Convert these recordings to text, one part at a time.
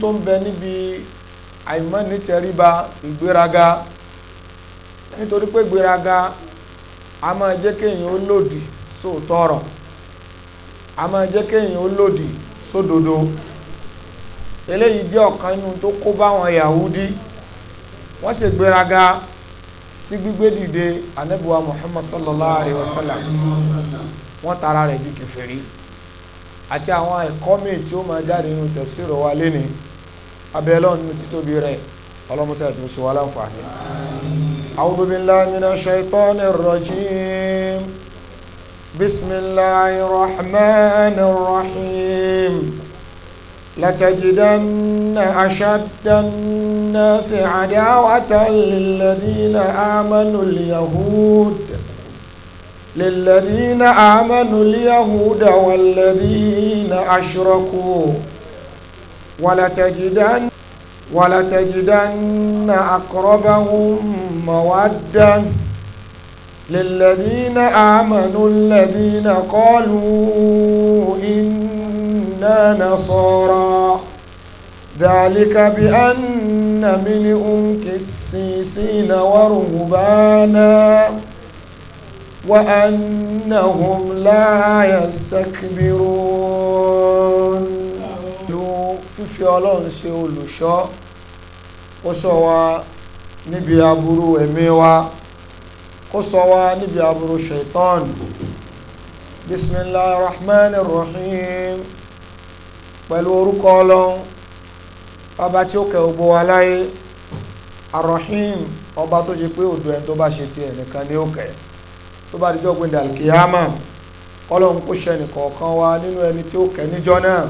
tó ń bẹ níbi àìmọ́ nítẹríba ìgbéraga nítorí pé ìgbéraga a máa jẹ́ kéèyàn ó lòdì sóòótọ́ ọ̀rọ̀ a máa jẹ́ kéèyàn ó lòdì sódodo eléyìí jẹ́ ọ̀kan inú tó kó wọn Yahudi wọ́n ṣe gbéraga sí gbígbé dìde anẹ́bùwa Muhammad sallallahu alayhi wa sallam wọ́n tara rẹ̀ di àti àwọn ẹ̀kọ́ abẹ́lọ́ ní títóbi rẹ̀ ọlọ́mọsá ètò ṣe wá láǹfààní a'udhu billahi minash shaitanir rajim bismillahir rahmanir rahim لتجدن أشد الناس عداوة للذين آمنوا اليهود للذين آمنوا اليهود والذين أشركوا ولتجدن ولتجدن أقربهم مودة للذين آمنوا الذين قالوا إنا نصارى ذلك بأن منهم كسيسين ورهبانا وأنهم لا يستكبرون fífi ọlọ́run ṣe olùṣọ́ kó ṣọ́ wa níbi aburú ẹ̀mí wa kó ṣọ́ wa níbi aburú shaitan bismillahir rahmanir rahim pẹ̀lú orúkọ ọlọ́run ọba tí ó kẹ́ gbogbo wa láyé arahim ọba tó ṣe pé òdò ẹni tó bá ṣe tiẹ̀ nìkan ni ó kẹ́ tó bá dijọ́ gbé dàlkìyàmà kọ́lọ́n kó ṣe nìkọ̀ọ̀kan wa nínú ẹni tí ó kẹ́ níjọ́ náà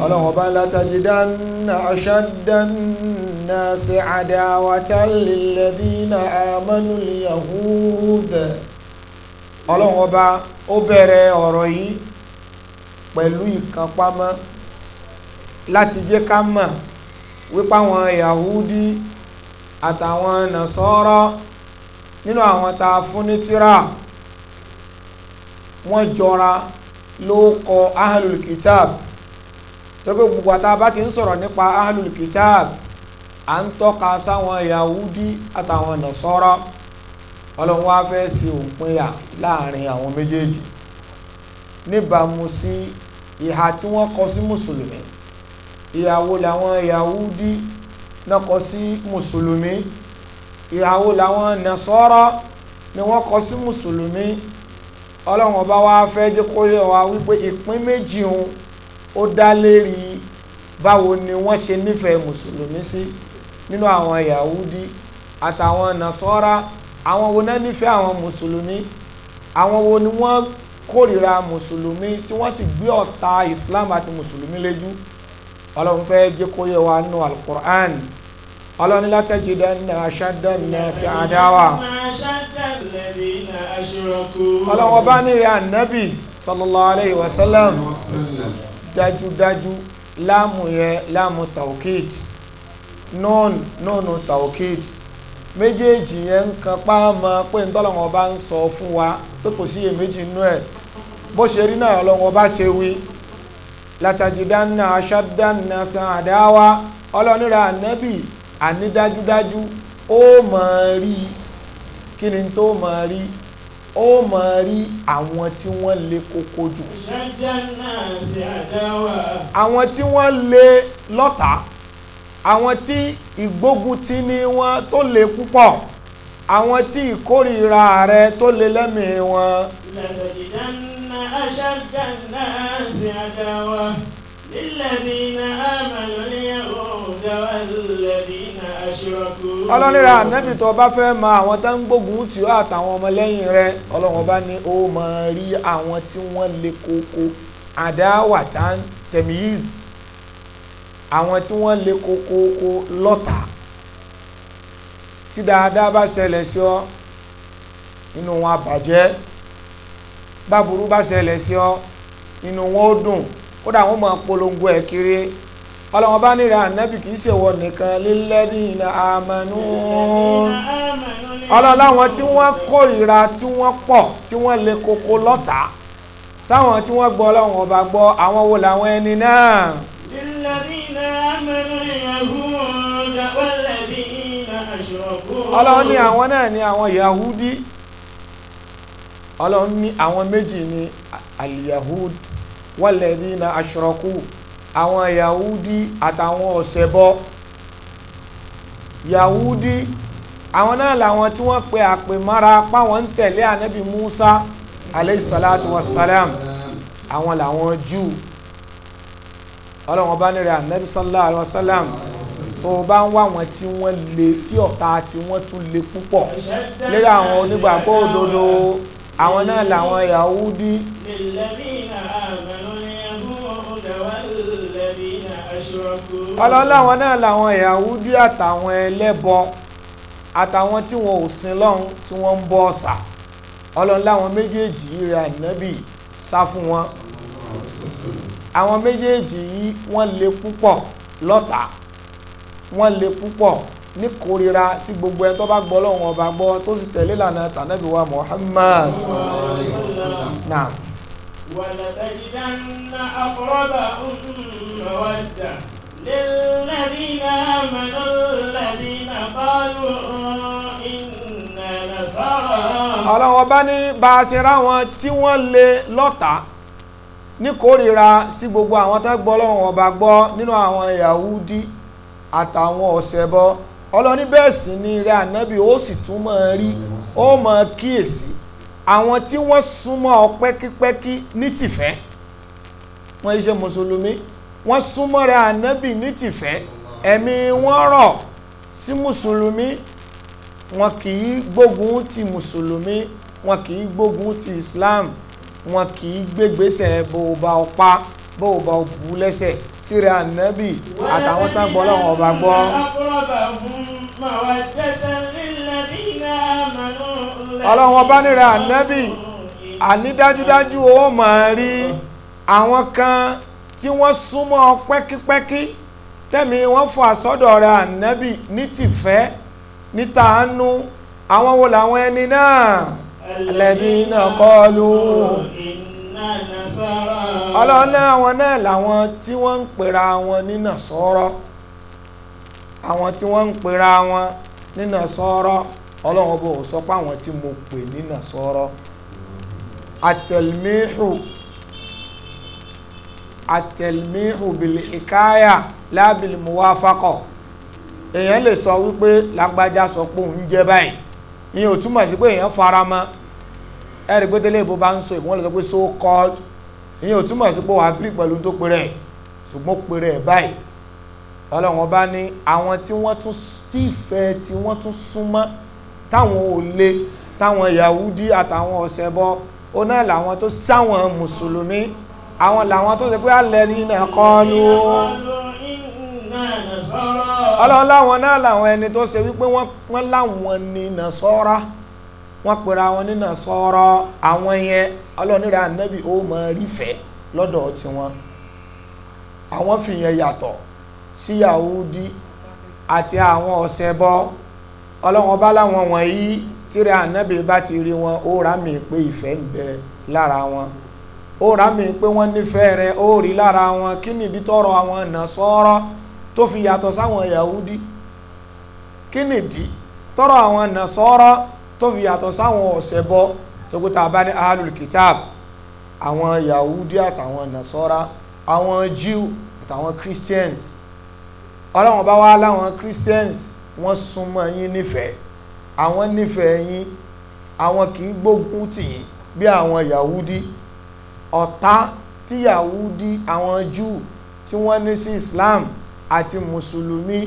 ọlọ́run ọba ńlá tajidanna ashaddanna sí adawatan lilladhina amanu al-yahud ọlọ́run ọba ó bẹ̀rẹ̀ ọ̀rọ̀ yìí pẹ̀lú ìkànpamọ́ láti jẹ́ ká mọ̀ wípé àwọn yahudi àtàwọn nàṣọ́rọ́ nínú àwọn tá fún ní wọ́n jọra ló kọ tọ́pẹ́ gbogbo àtà bá ti ń sọ̀rọ̀ nípa ahlul kitab à ń tọ́ka sáwọn yahudi àtàwọn nasọ́rọ́ ọlọ́run wá fẹ́ sí òpinya láàrin àwọn méjèèjì níbàámu sí ìhà tí wọ́n kọ sí mùsùlùmí ìhàwó làwọn yahudi náà kọ sí mùsùlùmí ìhàwó làwọn nasọ́rọ́ ni wọ́n kọ sí mùsùlùmí ọlọ́run ọba wá fẹ́ jẹ́ kó yẹ wá wípé ìpín méjì òun ó dá lérí báwo ni wọ́n ṣe nífẹ̀ẹ́ mùsùlùmí sí nínú àwọn yahudi àtàwọn nasọ́ra àwọn wo náà nífẹ̀ẹ́ àwọn mùsùlùmí àwọn wo ni wọ́n kórìíra mùsùlùmí tí wọ́n sì gbé ọ̀tá islam àti mùsùlùmí léjú ọlọ́run fẹ́ jẹ́ kó yé wa nù alukur'an ọlọ́run látẹ̀jì dánilẹ̀ aṣáájúdánilẹ̀ ẹ̀sìn àdáwà ọlọ́run ọba nírẹ̀ ànábì sallallahu alayhi dájúdájú láàmù yẹn láàmù taukid nọ́ọ̀nù nọ́ọ̀nù taukid méjèèjì yẹn ń kan ama pé ń tọ́lọ́wọ́n bá ń sọ fún wa pé kò sí èméjì inú ẹ̀ bó ṣe rí náà ọlọ́wọ́n bá ṣe wí látàjìdánná aṣádáná san àdáwá ọlọ́nira ànábì àní ri ó mọ̀ rí kí ó mọ̀ rí àwọn tí wọ́n le koko jù àwọn tí wọ́n le lọ́ta àwọn tí ìgbógun ti ní wọn tó le púpọ̀ àwọn tí ìkórìíra rẹ tó le lẹ́mìí wọn. lẹ́tọ̀jìdánná aṣáájá náà sí ọlọ́nira ànẹ́bì tó bá fẹ́ mọ àwọn tó ń gbógun tì ọ́ àtàwọn ọmọlẹ́yìn rẹ ọlọ́run bá ní ó mọ rí àwọn tí wọ́n le koko àdáwàtà tẹ̀míyìz àwọn tí wọ́n le kokoko lọ́tà tí dáadáa bá ṣẹlẹ̀ sí ọ inú wọn àbàjẹ́ báburú bá ṣẹlẹ̀ sí ọ inú wọn ó dùn kódà wọ́n máa polongo ẹ̀ kiri ọlọ́wọ́n bá nírẹ̀ ànábì kìí ṣe wọ nìkan lilladina amanu ọlọ́láwọn tí wọ́n kórìíra tí wọ́n pọ̀ tí wọ́n le koko lọ́ta sáwọn tí wọ́n gbọ́ ọlọ́wọ́n ọba gbọ́ àwọn wo làwọn ẹni náà. lilladina amanu yahud walladina ashraku. ọlọ́wọ́n ní àwọn náà ní àwọn yahudi ọlọ́wọ́n ní àwọn méjì ní aliyahud walladhina ashraku àwọn yahudi àtàwọn ọ̀sẹ̀bọ yahudi àwọn náà làwọn tí wọ́n pe àpèmára páwọn ń tẹ̀lé ànábì musa alayhi salatu wassalam àwọn làwọn júù ọlọ́wọ́n bá nírẹ̀ ànábì sallallahu alayhi wasalam tó bá ń wá wọn tí wọ́n le tí ọ̀tá tí wọ́n tún le púpọ̀ lérí àwọn onígbàgbọ́ òdodo àwọn náà làwọn Yahudi ọlọ́láwọn náà làwọn Yahudi àtàwọn ẹlẹ́bọ àtàwọn tí wọn ò sin lọ́hun tí wọ́n ń bọ ọ̀sà ọlọ́láwọn méjèèjì rẹ̀ ànábì sá fún wọn àwọn méjèèjì yìí wọ́n le púpọ̀ lọ́tà wọ́n le púpọ̀ ní kórira sí gbogbo ẹni tó bá gbọ́ lọ́wọ́ ọba gbọ́ tó sì tẹ̀lé lànà tànàbí wa Muhammad náà. ولتجدن أقربهم مودة للذين آمنوا الذين قالوا ní bá a ṣe ráwọn tí wọ́n lé lọ́ta ní kórìíra sí gbogbo àwọn tó lọ́wọ́ ọba gbọ́ nínú àwọn Yahudi àtàwọn ọ̀sẹ̀bọ ọlọ́ni bẹ́ẹ̀ sì ni rẹ ànábì ó sì tún máa rí ó máa kíyèsí àwọn tí wọ́n súnmọ́ ọ pẹ́kípẹ́kí ní tìfẹ́ wọ́n ṣe mùsùlùmí wọ́n súnmọ́ rẹ ànábì ní tìfẹ́ ẹ̀mí wọ́n rọ̀ sí mùsùlùmí wọn kì í gbógun ti mùsùlùmí wọn kì í gbógun ti islam wọn kì í gbégbésẹ̀ bó ọ̀pá bó o bá bú lẹ́sẹ̀ síra ànábì àtàwọn tán gbọ́ lọ́wọ́ ọba gbọ́. ọlọ́run ọba nira ànábì àní dájúdájú ó máa rí àwọn kan tí wọ́n súnmọ́ ọ pẹ́kípẹ́kí tẹ́mi wọ́n fọ àsọ́dọ̀ rẹ̀ ànábì ní tìfẹ́ ní tàánú àwọn wo làwọn ẹni náà lẹ́ni náà kọ́ lóhùn ọlọ́run náà wọn náà làwọn tí wọ́n ń pera wọn ní Nasara àwọn tí wọ́n ń pera wọn ní Nasara ọlọ́run bò sọ pé àwọn tí mo pè ní Nasara àtẹ̀lmíhù àtẹ̀lmíhù bìlìkáyà lábìlìmùwáfákọ̀ èèyàn lè sọ wípé lágbájá sọ pé òun jẹ́ báyìí ìyẹn ò túmọ̀ sí pé èèyàn fara mọ́ ẹ̀rí pé délé ìbò bá ń sọ ìwọ́n lè sọ pé so called ìyẹn ò túmọ̀ sí pé wàá gbé pẹ̀lú tó péré ẹ̀ ṣùgbọ́n péré ẹ̀ báyìí ọlọ́run ọba ní àwọn tí wọ́n tún tí ìfẹ́ tí wọ́n tún súnmọ́ táwọn ò le táwọn Yahudi àtàwọn ọ̀sẹ̀bọ ó náà làwọn tó sáwọn mùsùlùmí àwọn làwọn tó ṣe pé alẹ́ ní iná kọlu ọlọ́run láwọn náà làwọn ẹni tó ṣe wípé wọ́n láwọn ní Nasara wọ́n pera wọn nínà sọ̀rọ̀ àwọn yẹn ọlọ́nira ànábì ó mọ rífẹ́ lọ́dọ̀ tiwọn àwọn fìyẹn yàtọ̀ sí Yahudi àti àwọn ọ̀sẹ̀ bọ́ ọlọ́wọ́n bá láwọn wọ̀nyí tíra ànábì bá ti rí wọn ó rà mí pé ìfẹ́ ń bẹ lára wọn ó rà mí pé wọ́n nífẹ̀ẹ́ rẹ ó rí lára wọn kí nìdí tọrọ àwọn nà sọ̀rọ̀ tó fi yàtọ̀ sáwọn Yahudi kí nìdí tọrọ àwọn nà sọ̀rọ̀ tó fi yàtọ̀ sáwọn ọ̀sẹ̀ bọ́ tó kó tá àwọn yahudi àtàwọn nasọ́ra àwọn jew àtàwọn christians ọlọ́run bá wá láwọn christians wọ́n súnmọ́ yín nífẹ̀ẹ́ àwọn nífẹ̀ẹ́ yín àwọn kì í gbógun tì yín bí àwọn yahudi ọ̀tá tí yahudi àwọn jew tí wọ́n ní sí islam àti mùsùlùmí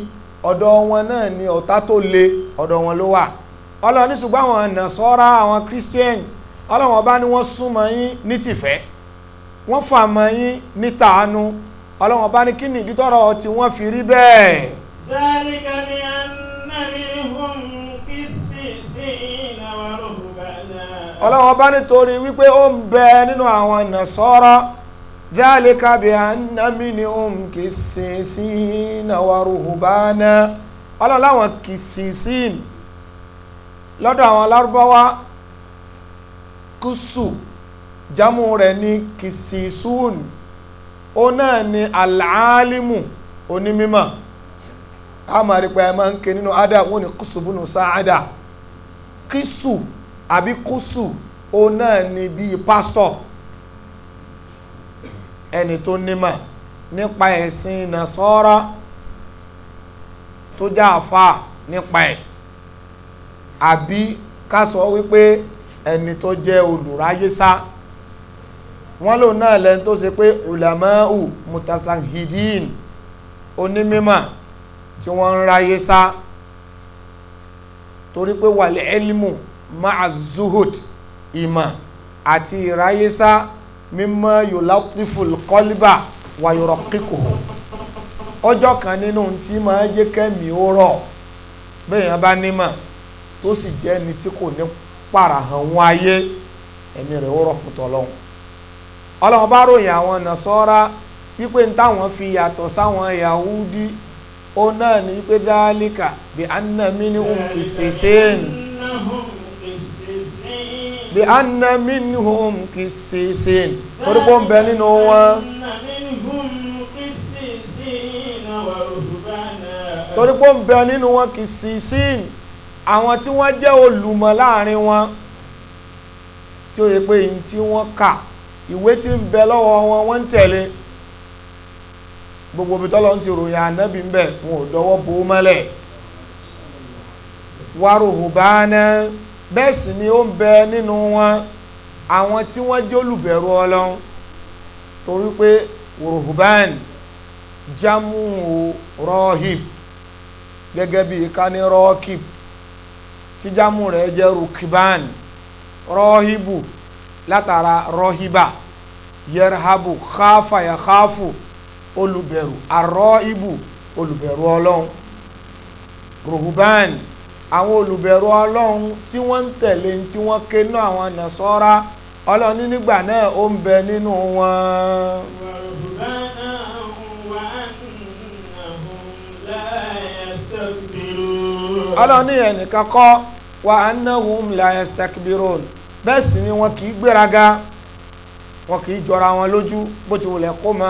ọ̀dọ̀ wọn náà ni ọ̀tá tó le ọ̀dọ̀ wọn ló wà ọlọ́run ní ṣùgbọ́n àwọn nàṣọ́ra àwọn christians ọlọ́run ọba ni wọ́n súnmọ́ yín ní tìfẹ́ wọ́n fà mọ́ yín ní tàánú ọlọ́run ọba ní kí ni ìdí tọ́rọ̀ tí wọ́n fi rí bẹ́ẹ̀. ذلك بأن منهم قسيسين ورهبانا ọlọ́run ọba nítorí wípé ó ń bẹ nínú àwọn nàṣọ́ra ذلك بأن منهم قسيسين ورهبانا ọlọ́run láwọn kìsìsìn lọ́dọ̀ àwọn lárúbáwá kùsù jámù rẹ̀ ní kìsìsún ó náà ni aláàlímù onímímọ̀ a máa rí pé ẹ máa ń ké nínú ada wọn ni kùsù bùnú sáádà kìsù àbí kùsù ó náà ni bíi pásítọ̀ ẹni tó nímọ̀ nípa ẹ̀sìn nàṣọ́rọ́ tó jẹ́ nípa ẹ̀. àbí ká sọ wípé ẹni tó jẹ́ olùráyésá wọ́n lò náà lẹ́ni tó ṣe pé ulamahu mutasahidin onímímọ̀ tí wọ́n ń ráyé sá torí pé wàlẹ̀ elmu maazuhud ima ìmọ̀ àti ìráyé sá mímọ́ yòlátífùl kọ́líbà wà yọ̀rọ̀ kíkò ọjọ́ kan nínú tí máa jẹ́ kẹ́mi ó rọ̀ bẹ́ẹ̀ yẹn bá nímọ̀ tó sì jẹ́ ẹni tí kò ní parahàn wọn ayé ẹ̀mí rẹ̀ ó rọ̀ fún tọ́lọ́hún ọlọ́run bá ròyìn àwọn wípé ní táwọn fi yàtọ̀ sáwọn yahudi ó náà ní wípé dálíkà bí torí pé ó ń torí pé ó ń bẹ àwọn tí wọ́n jẹ́ olùmọ̀ láàrin wọn tí ó yẹ pé yìí tí wọ́n kà ìwé tí ń bẹ lọ́wọ́ wọn wọ́n ń tẹ̀lé gbogbo ibi tọ́lọ́ ti ròyìn ànábì ń bẹ̀ wọn ò dọwọ́ bo mọ́lẹ̀ waruhubana bẹ́ẹ̀ sì ni ó ń bẹ nínú wọn àwọn tí wọ́n jẹ́ olùbẹ̀rù ọlọ́run torí pé ruhuban jamu rohib gẹ́gẹ́ bí ká ní rohib tíjámù rẹ̀ jẹ́ rukiban rọ́híbù látara rọ́híbà yẹrhabu káfà yà káfù olùbẹ̀rù arọ́híbù olùbẹ̀rù ọlọ́run ruhuban àwọn olùbẹ̀rù ọlọ́run tí wọ́n ń tẹ̀lé tí wọ́n ké ná àwọn nàṣọ́ra ọlọ́run nígbà náà ó ń bẹ nínú wọn. ọlọ́run ní ẹnìkan kọ́ wa annahum la yastakbirun bẹ́ẹ̀ sì ni wọn kì í gbéraga wọn kì í jọra wọn lójú bó ti wulẹ̀ kó mọ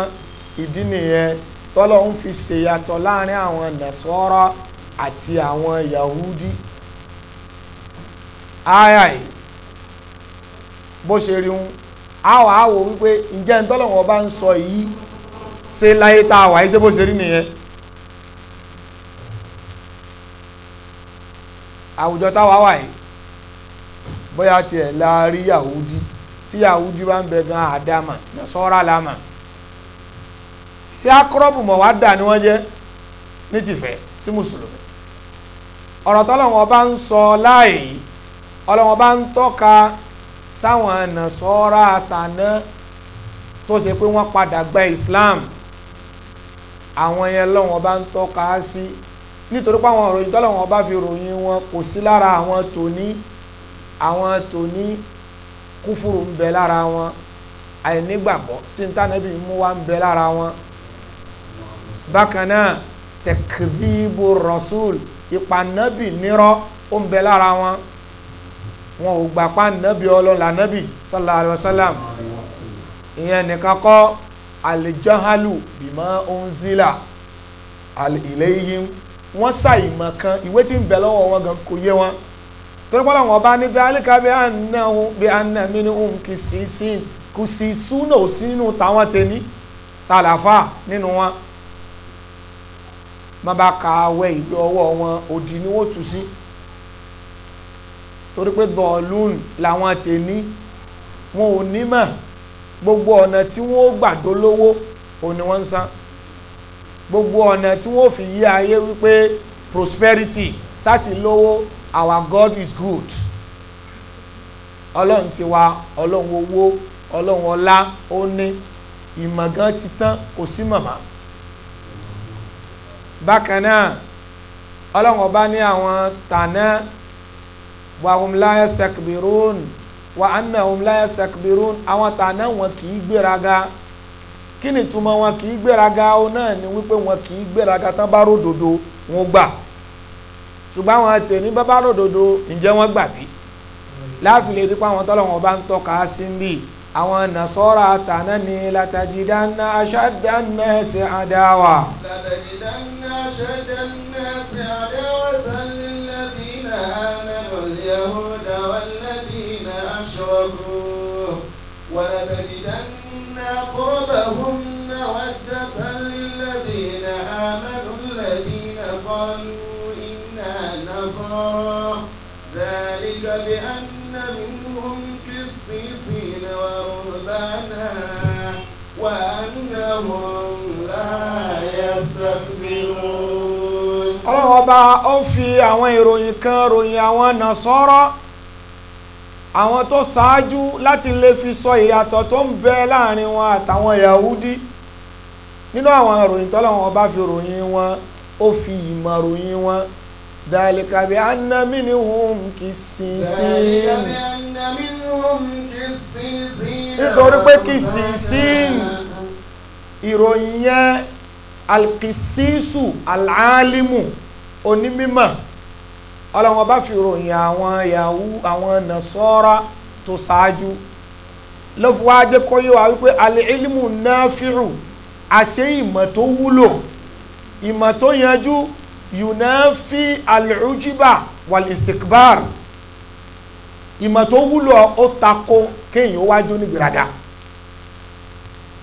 ìdí nìyẹn tọ́lọ́run fi ṣèyàtọ̀ láàrin àwọn nàṣọ́rọ́ àti àwọn yahudi aya bó ṣe rí wọn a wà wípé ǹjẹ́ ntọ́lọ́wọ́n bá ń sọ yìí ṣe láyé tá a wà yìí ṣe bó ṣe rí nìyẹn àwùjọ táwa wà yìí bóyá tiẹ̀ la rí yahudi tí yahudi bá ń bẹ gan àdámà nasọ́ra lámà ṣé akọ́rọ́bù mọ̀ wá dà ni wọ́n jẹ́ ní tìfẹ́ sí mùsùlùmí ọ̀rọ̀ tọ́lọ́wọ́n bá ń sọ láàyè ọlọ́wọ́n bá ń tọ́ka sáwọn nasọ́ra àtàná tó ṣe pé wọ́n padà gba islam àwọn yẹn lọ́wọ́n bá ń tọ́ka sí. Si nítorí pé àwọn ìròyìn tọ́lọ̀ wọn bá fi ròyìn wọn kò sí lára àwọn tòní àwọn tòní kúfùrù ń bẹ lára wọn àìnígbàgbọ́ sí ní tánàbí mú wa ń bẹ lára wọn bákan náà tẹkidíbù rasul ìpànàbì nírọ́ ó ń bẹ lára wọn wọn ò gbà pa nàbì ọlọ́la nàbì sallallahu alayhi wa sallam ìyẹn nìkan kọ́ alijahalu bima unzila ilayhim. Al wọ́n ṣàìmọ̀ kan ìwé tí ń bẹ lọ́wọ́ wọn gan kò yé wọn torí pọ́lọ́ wọn bá ní dáríkà bí àná bí àná mi ní òun kì í sí sí kò sí súnà ò sí nínú táwọn tẹni tàlàfà nínú wọn má bá ka awẹ ìwé ọwọ́ wọn òdì ni wọ́n tù sí torí pé bọ́ọ̀lùn làwọn tẹni wọn ò ní mọ̀ gbogbo ọ̀nà tí wọ́n gbà dolówó òun ni wọ́n ń san gbogbo ọ̀nà tí wọ́n fi yí ayé wípé prosperity sáti lówó our God is good ọlọ́run ti wa ọlọ́run owó ọlọ́run ọlá ó ní ìmọ̀gán ti tán kò sí màmá bákan náà ọlọ́run ọba ní àwọn tànà wa hum la yastakbirun wa anna hum la yastakbirun àwọn tànà wọn kì í gbéraga kí ni túmọ̀ wọn kì í gbéraga ó náà ni wípé wọn kì í gbéraga tán bá ródòdó wọn gbà ṣùgbọ́n àwọn tèmi bá bá ródòdó ǹjẹ́ wọ́n gbà láàfin lè rí pé àwọn tọ́lọ̀ bá ń tọ́ka sí ń bì àwọn nàṣọ́ra tàná ni látàjìdánná aṣáájánná ẹsẹ̀ àdáwà. látàjìdánná aṣáájánná ẹsẹ̀ àdáwà sálẹ̀ lẹ́bìínà àmẹ́rọ̀ yahoo dáwà lẹ́bìínà aṣọ́rù wọ́n látàjì ọlọ́run ọba ó fi àwọn ìròyìn kan ròyìn àwọn nàṣọ́rọ́ àwọn tó ṣáájú láti lè fi sọ ìyàtọ̀ tó ń bẹ láàrin wọn àtàwọn Yahudi nínú àwọn ìròyìn tọ́lọ́run ọba fi ròyìn wọn ó fi ìmọ̀ ròyìn wọn ذلك بأن منهم قسيسين nítorí pé kìsìsìn ìròyìn yẹn alkisisu alalimu onímímọ̀ ọlọ́wọ́n bá fi ròyìn àwọn yahu àwọn nasọ́ra tó ṣáájú ló fi wá jẹ́ kó yé wa wípé alilimu náfìrù àṣẹ ìmọ̀ tó wúlò ìmọ̀ tó yanjú yunafi alujiba walistikbar ìmọ̀ tó wúlò ó tako kéèyàn wájú ní gbìràdà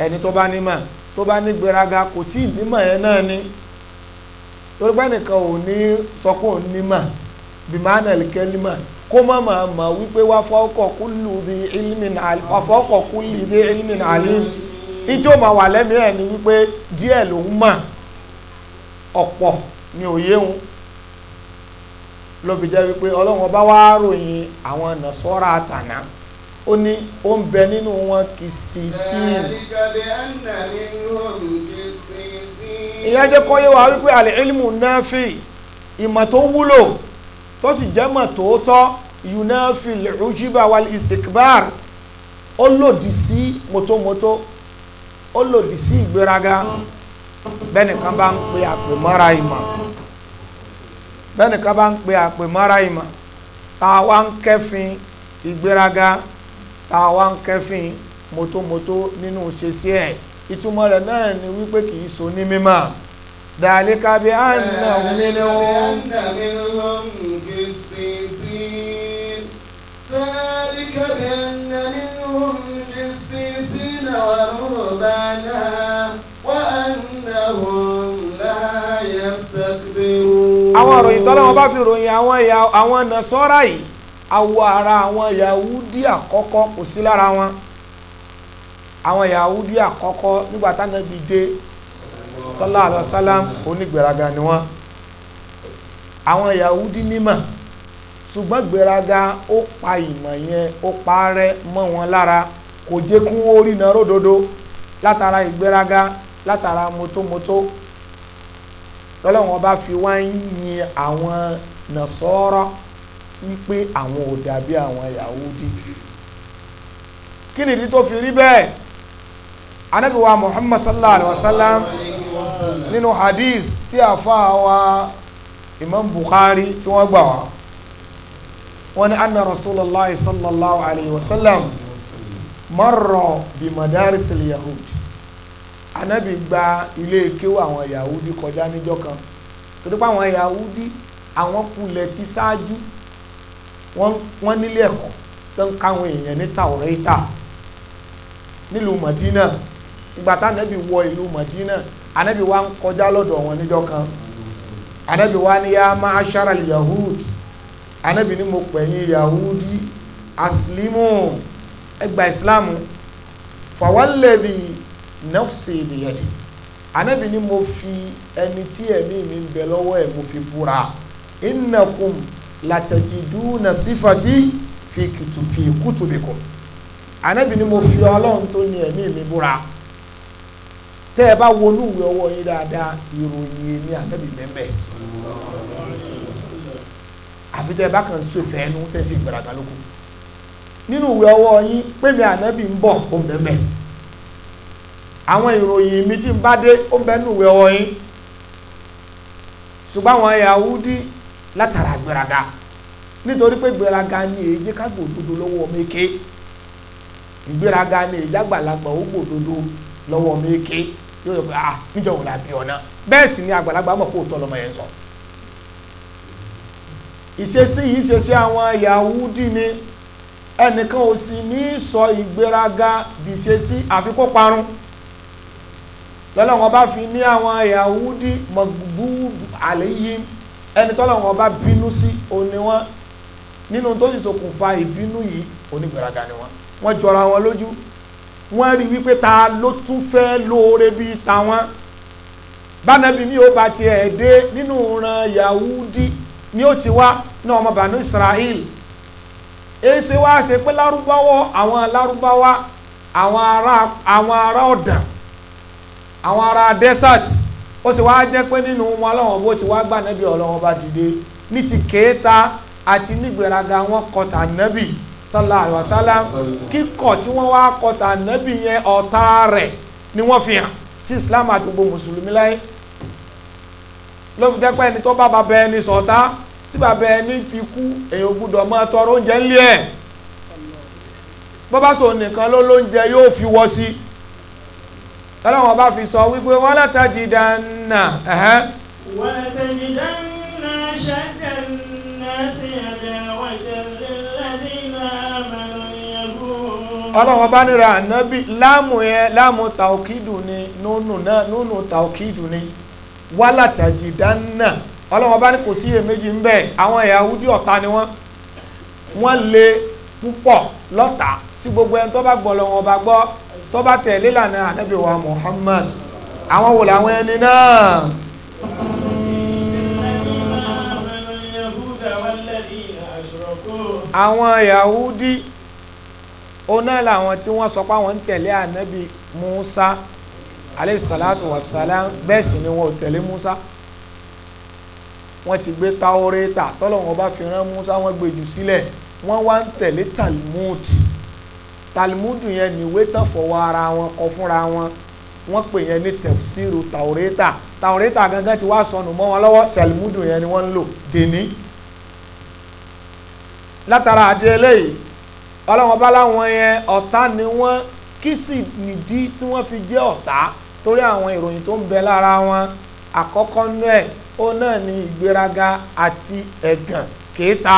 ẹni tó bá nímọ̀ tó bá ní gbéraga kò tí ì nímọ̀ yẹn náà ni torí pé nìkan ò ní sọ pé òun nímọ̀ bimanel kelima kó má máa mọ̀ wípé wá fọ́kọ̀ kú lù bí ilmin alim fọ́kọ̀ kú lì bí ilmin alim ijó máa wà lẹ́mìí ẹ̀ ni wípé díẹ̀ lòún mà ọ̀pọ̀ ni òye òun ló fi jẹ́ wípé ọlọ́run ọba wá ròyìn àwọn nàṣọ́ra tànà. ó ní ó ń bẹ nínú wọn kì sí sí ìyẹn jẹ́ kó wa wípé àlẹ́ ilmu nafi ìmọ̀ tó wúlò tó sì jẹ́ mọ̀ tòótọ́ yunafi al-ujiba wal istikbar ó lòdì sí mọ́tòmọ́tò ó lòdì sí ìgbéraga bẹ́nìkan bá ń pe àpè mọ́ra ìmọ̀ bẹ́nìkan bá ń pe àpè mọ́ra ìmọ̀ tá ń kẹ́fin ìgbéraga tá a wá ń kẹ́fìn mọ́tómọ́tó nínú ṣeṣí ẹ̀ ìtumọ̀ rẹ̀ náà ni wípé kì í so ní mímọ̀ dàlíkà bí a òun. àwọn ìròyìn tọ́lọ́wọ́n bá fi ròyìn àwọn ìyá àwọn nàṣọ́ra yìí awọ ara àwọn yahudi àkọ́kọ́ kò sí lára wọn àwọn yahudi àkọ́kọ́ nígbà tánàbí dé sallallahu alaihi wasallam onígbèraga ni wọ́n àwọn yahudi nímọ̀ ṣùgbọ́n gbèraga ó pa ìmọ̀ yẹn ó parẹ́ mọ́ wọn lára kò jẹ́ kún orí náà ródodo látara ìgbéraga látara motomoto lọ́lọ́wọ́n bá fi wá ń yin àwọn nàṣọ́rọ́ wípé àwọn ò dàbí àwọn Yahudi kí nìdí tó fi rí bẹ́ẹ̀ Ànábì wa Muhammad sallallahu alaihi wasallam nínú hadith tí a fa wa Imam Bukhari tí wọ́n gbà wá wọ́n ní anna Rasulullah sallallahu alaihi wasallam marra bi madaris al-Yahud Ànábì gba ilé kéwú àwọn Yahudi kọjá níjọ́ kan torípa àwọn Yahudi àwọn kulẹ̀ ti ṣáájú wọ́n nílé ẹ̀kọ́ tó ń káwọn èèyàn ní tàwọ̀rẹ́ta nílùú Madina ìgbà tánẹ́bì wọ ìlú Madina anẹ́bì wá ń kọjá lọ́dọ̀ wọn níjọ́ kan anẹ́bì wá ní yá máa ṣára yahud anẹ́bì ní mo pẹ̀yìn yahudi aslimu ẹgbà islamu fàwọ́lẹ̀dì nafsi ìdíyẹ̀dì anẹ́bì ní mo fi ẹni tí ẹ̀mí mi ń bẹ lọ́wọ́ ẹ̀ mo fi búra innakum latajiduna sífàtí fi kùtùbìkùn ànábì ni mo fi ọlọ́run tó ní ẹ̀mí mi búra tẹ́ ẹ bá wọnú ìwé ọwọ́ yín dáadáa ìròyìn èmi ànábì bẹ́ẹ̀ àfi tẹ́ ẹ bá kàn sí òfin ẹnu tẹ́ ẹ sì gbàràgà lóko nínú ìwé ọwọ́ yín pé mi ń bọ̀ ó bẹ́ẹ̀ àwọn ìròyìn mi tí ń bá dé ó bẹ́ẹ̀ nínú ìwé ọwọ́ yín ṣùgbọ́n àwọn Yahudi látara gbéraga nítorí pé gbéraga ni èyí ká gbòdodo lọ́wọ́ méke ìgbéraga ni èyí àgbàlagbà ó gbòdodo lọ́wọ́ méke yóò sọ pé ah níjọ́ wò la bí ọ̀nà bẹ́ẹ̀ sì ni àgbàlagbà mọ̀ kó tọ́ lọ́mọ yẹn sọ ìṣesí yìí ṣesí àwọn Yahudi ni ẹnìkan ò sì ní sọ ìgbéraga dìṣesí àfikún parun lọ́lọ́wọ́n bá fi ní àwọn Yahudi magbub alayhim ẹni tọ́lọ̀ wọn bá bínú sí òní wọn nínú tó sì ṣokùnfà ìbínú yìí onígbèraga ni wọn wọn jọra wọn lójú wọn rí wípé ta ló tún fẹ́ lóore bíi tàwọn bánabi mi ò bá tiẹ̀ dé nínú ìran Yahudi ni ó ti wá náà ọmọ bànú Israel èsì wá ṣe pé lárúbáwọ́ àwọn lárúbáwá àwọn ará ọ̀dàn àwọn ará desert ó sì wá jẹ́ pé nínú wọn ọlọ́wọ́n bó ti wá gbà nẹ́bí ọlọ́wọ́n bá dìde ní ti kéèta àti nígbèraga wọn kọta nẹ́bí sọlá àlùwàsálà kíkọ̀ tí wọ́n wá kọta nẹ́bí yẹn ọ̀tá rẹ̀ ni wọ́n fi hàn sí Islam àti gbogbo mùsùlùmí láyé ló fi jẹ́ pé ẹni tó bá bàbá ẹni sọ̀tá tí bàbá ẹni fi kú èèyàn gbúdọ̀ máa tọrọ oúnjẹ ńlẹ̀ bó bá sọ nìkan ló lóúnjẹ yóò fi wọ́ sí i tọ́lọ́wọ́n bá fi sọ wípé wọ́n látàjì dáná ẹ̀hẹ́. wọ́n látàjì dáná ṣáàtà náà sí àdáwọ̀ ìjọba lẹ́dínà àmàlà ìyàbò. ọlọ́wọ́n bá nira ànábì láàmù yẹn láàmù tàókìdù ni nùnù náà nùnù tàókìdù ni wọ́n látàjì dáná ọlọ́wọ́n bá ní kò sí èméjì ń bẹ àwọn Yahudi ọ̀tá ni wọ́n wọ́n le púpọ̀ lọ́tà sí gbogbo ẹni tó bá gbọ́ lọ́wọ́n ọba gbọ́ tó bá tẹ̀lé lànà ànábì wa Muhammad àwọn wò làwọn ẹni náà àwọn Yahudi oná làwọn tí wọ́n sọ pé àwọn ń tẹ̀lé ànábì Musa aleyhisalatu wasalam bẹ́ẹ̀ sì ni wọn ò tẹ̀lé Musa wọ́n ti gbé taoreta tọ́lọ́wọ́n bá fi rán Musa wọ́n gbé sílẹ̀ wọ́n wá ń tẹ̀lé Talmud talmudu yẹn ní ìwé tán fọwọ́ ara wọn kọ fúnra wọn wọ́n pè yẹn ní tẹ̀síru tàwórẹ́tà tàwórẹ́tà gangan ti wá sọnù mọ́ wọn lọ́wọ́ talmudu yẹn ni wọ́n ń lò dèní látara àdé eléyìí ọlọ́wọ́n bá láwọn yẹn ọ̀tá ni wọ́n kí sì nìdí tí wọ́n fi jẹ́ ọ̀tá torí àwọn ìròyìn tó ń bẹ lára wọn àkọ́kọ́ nú ẹ̀ ó náà ní ìgbéraga àti ẹ̀gàn kéta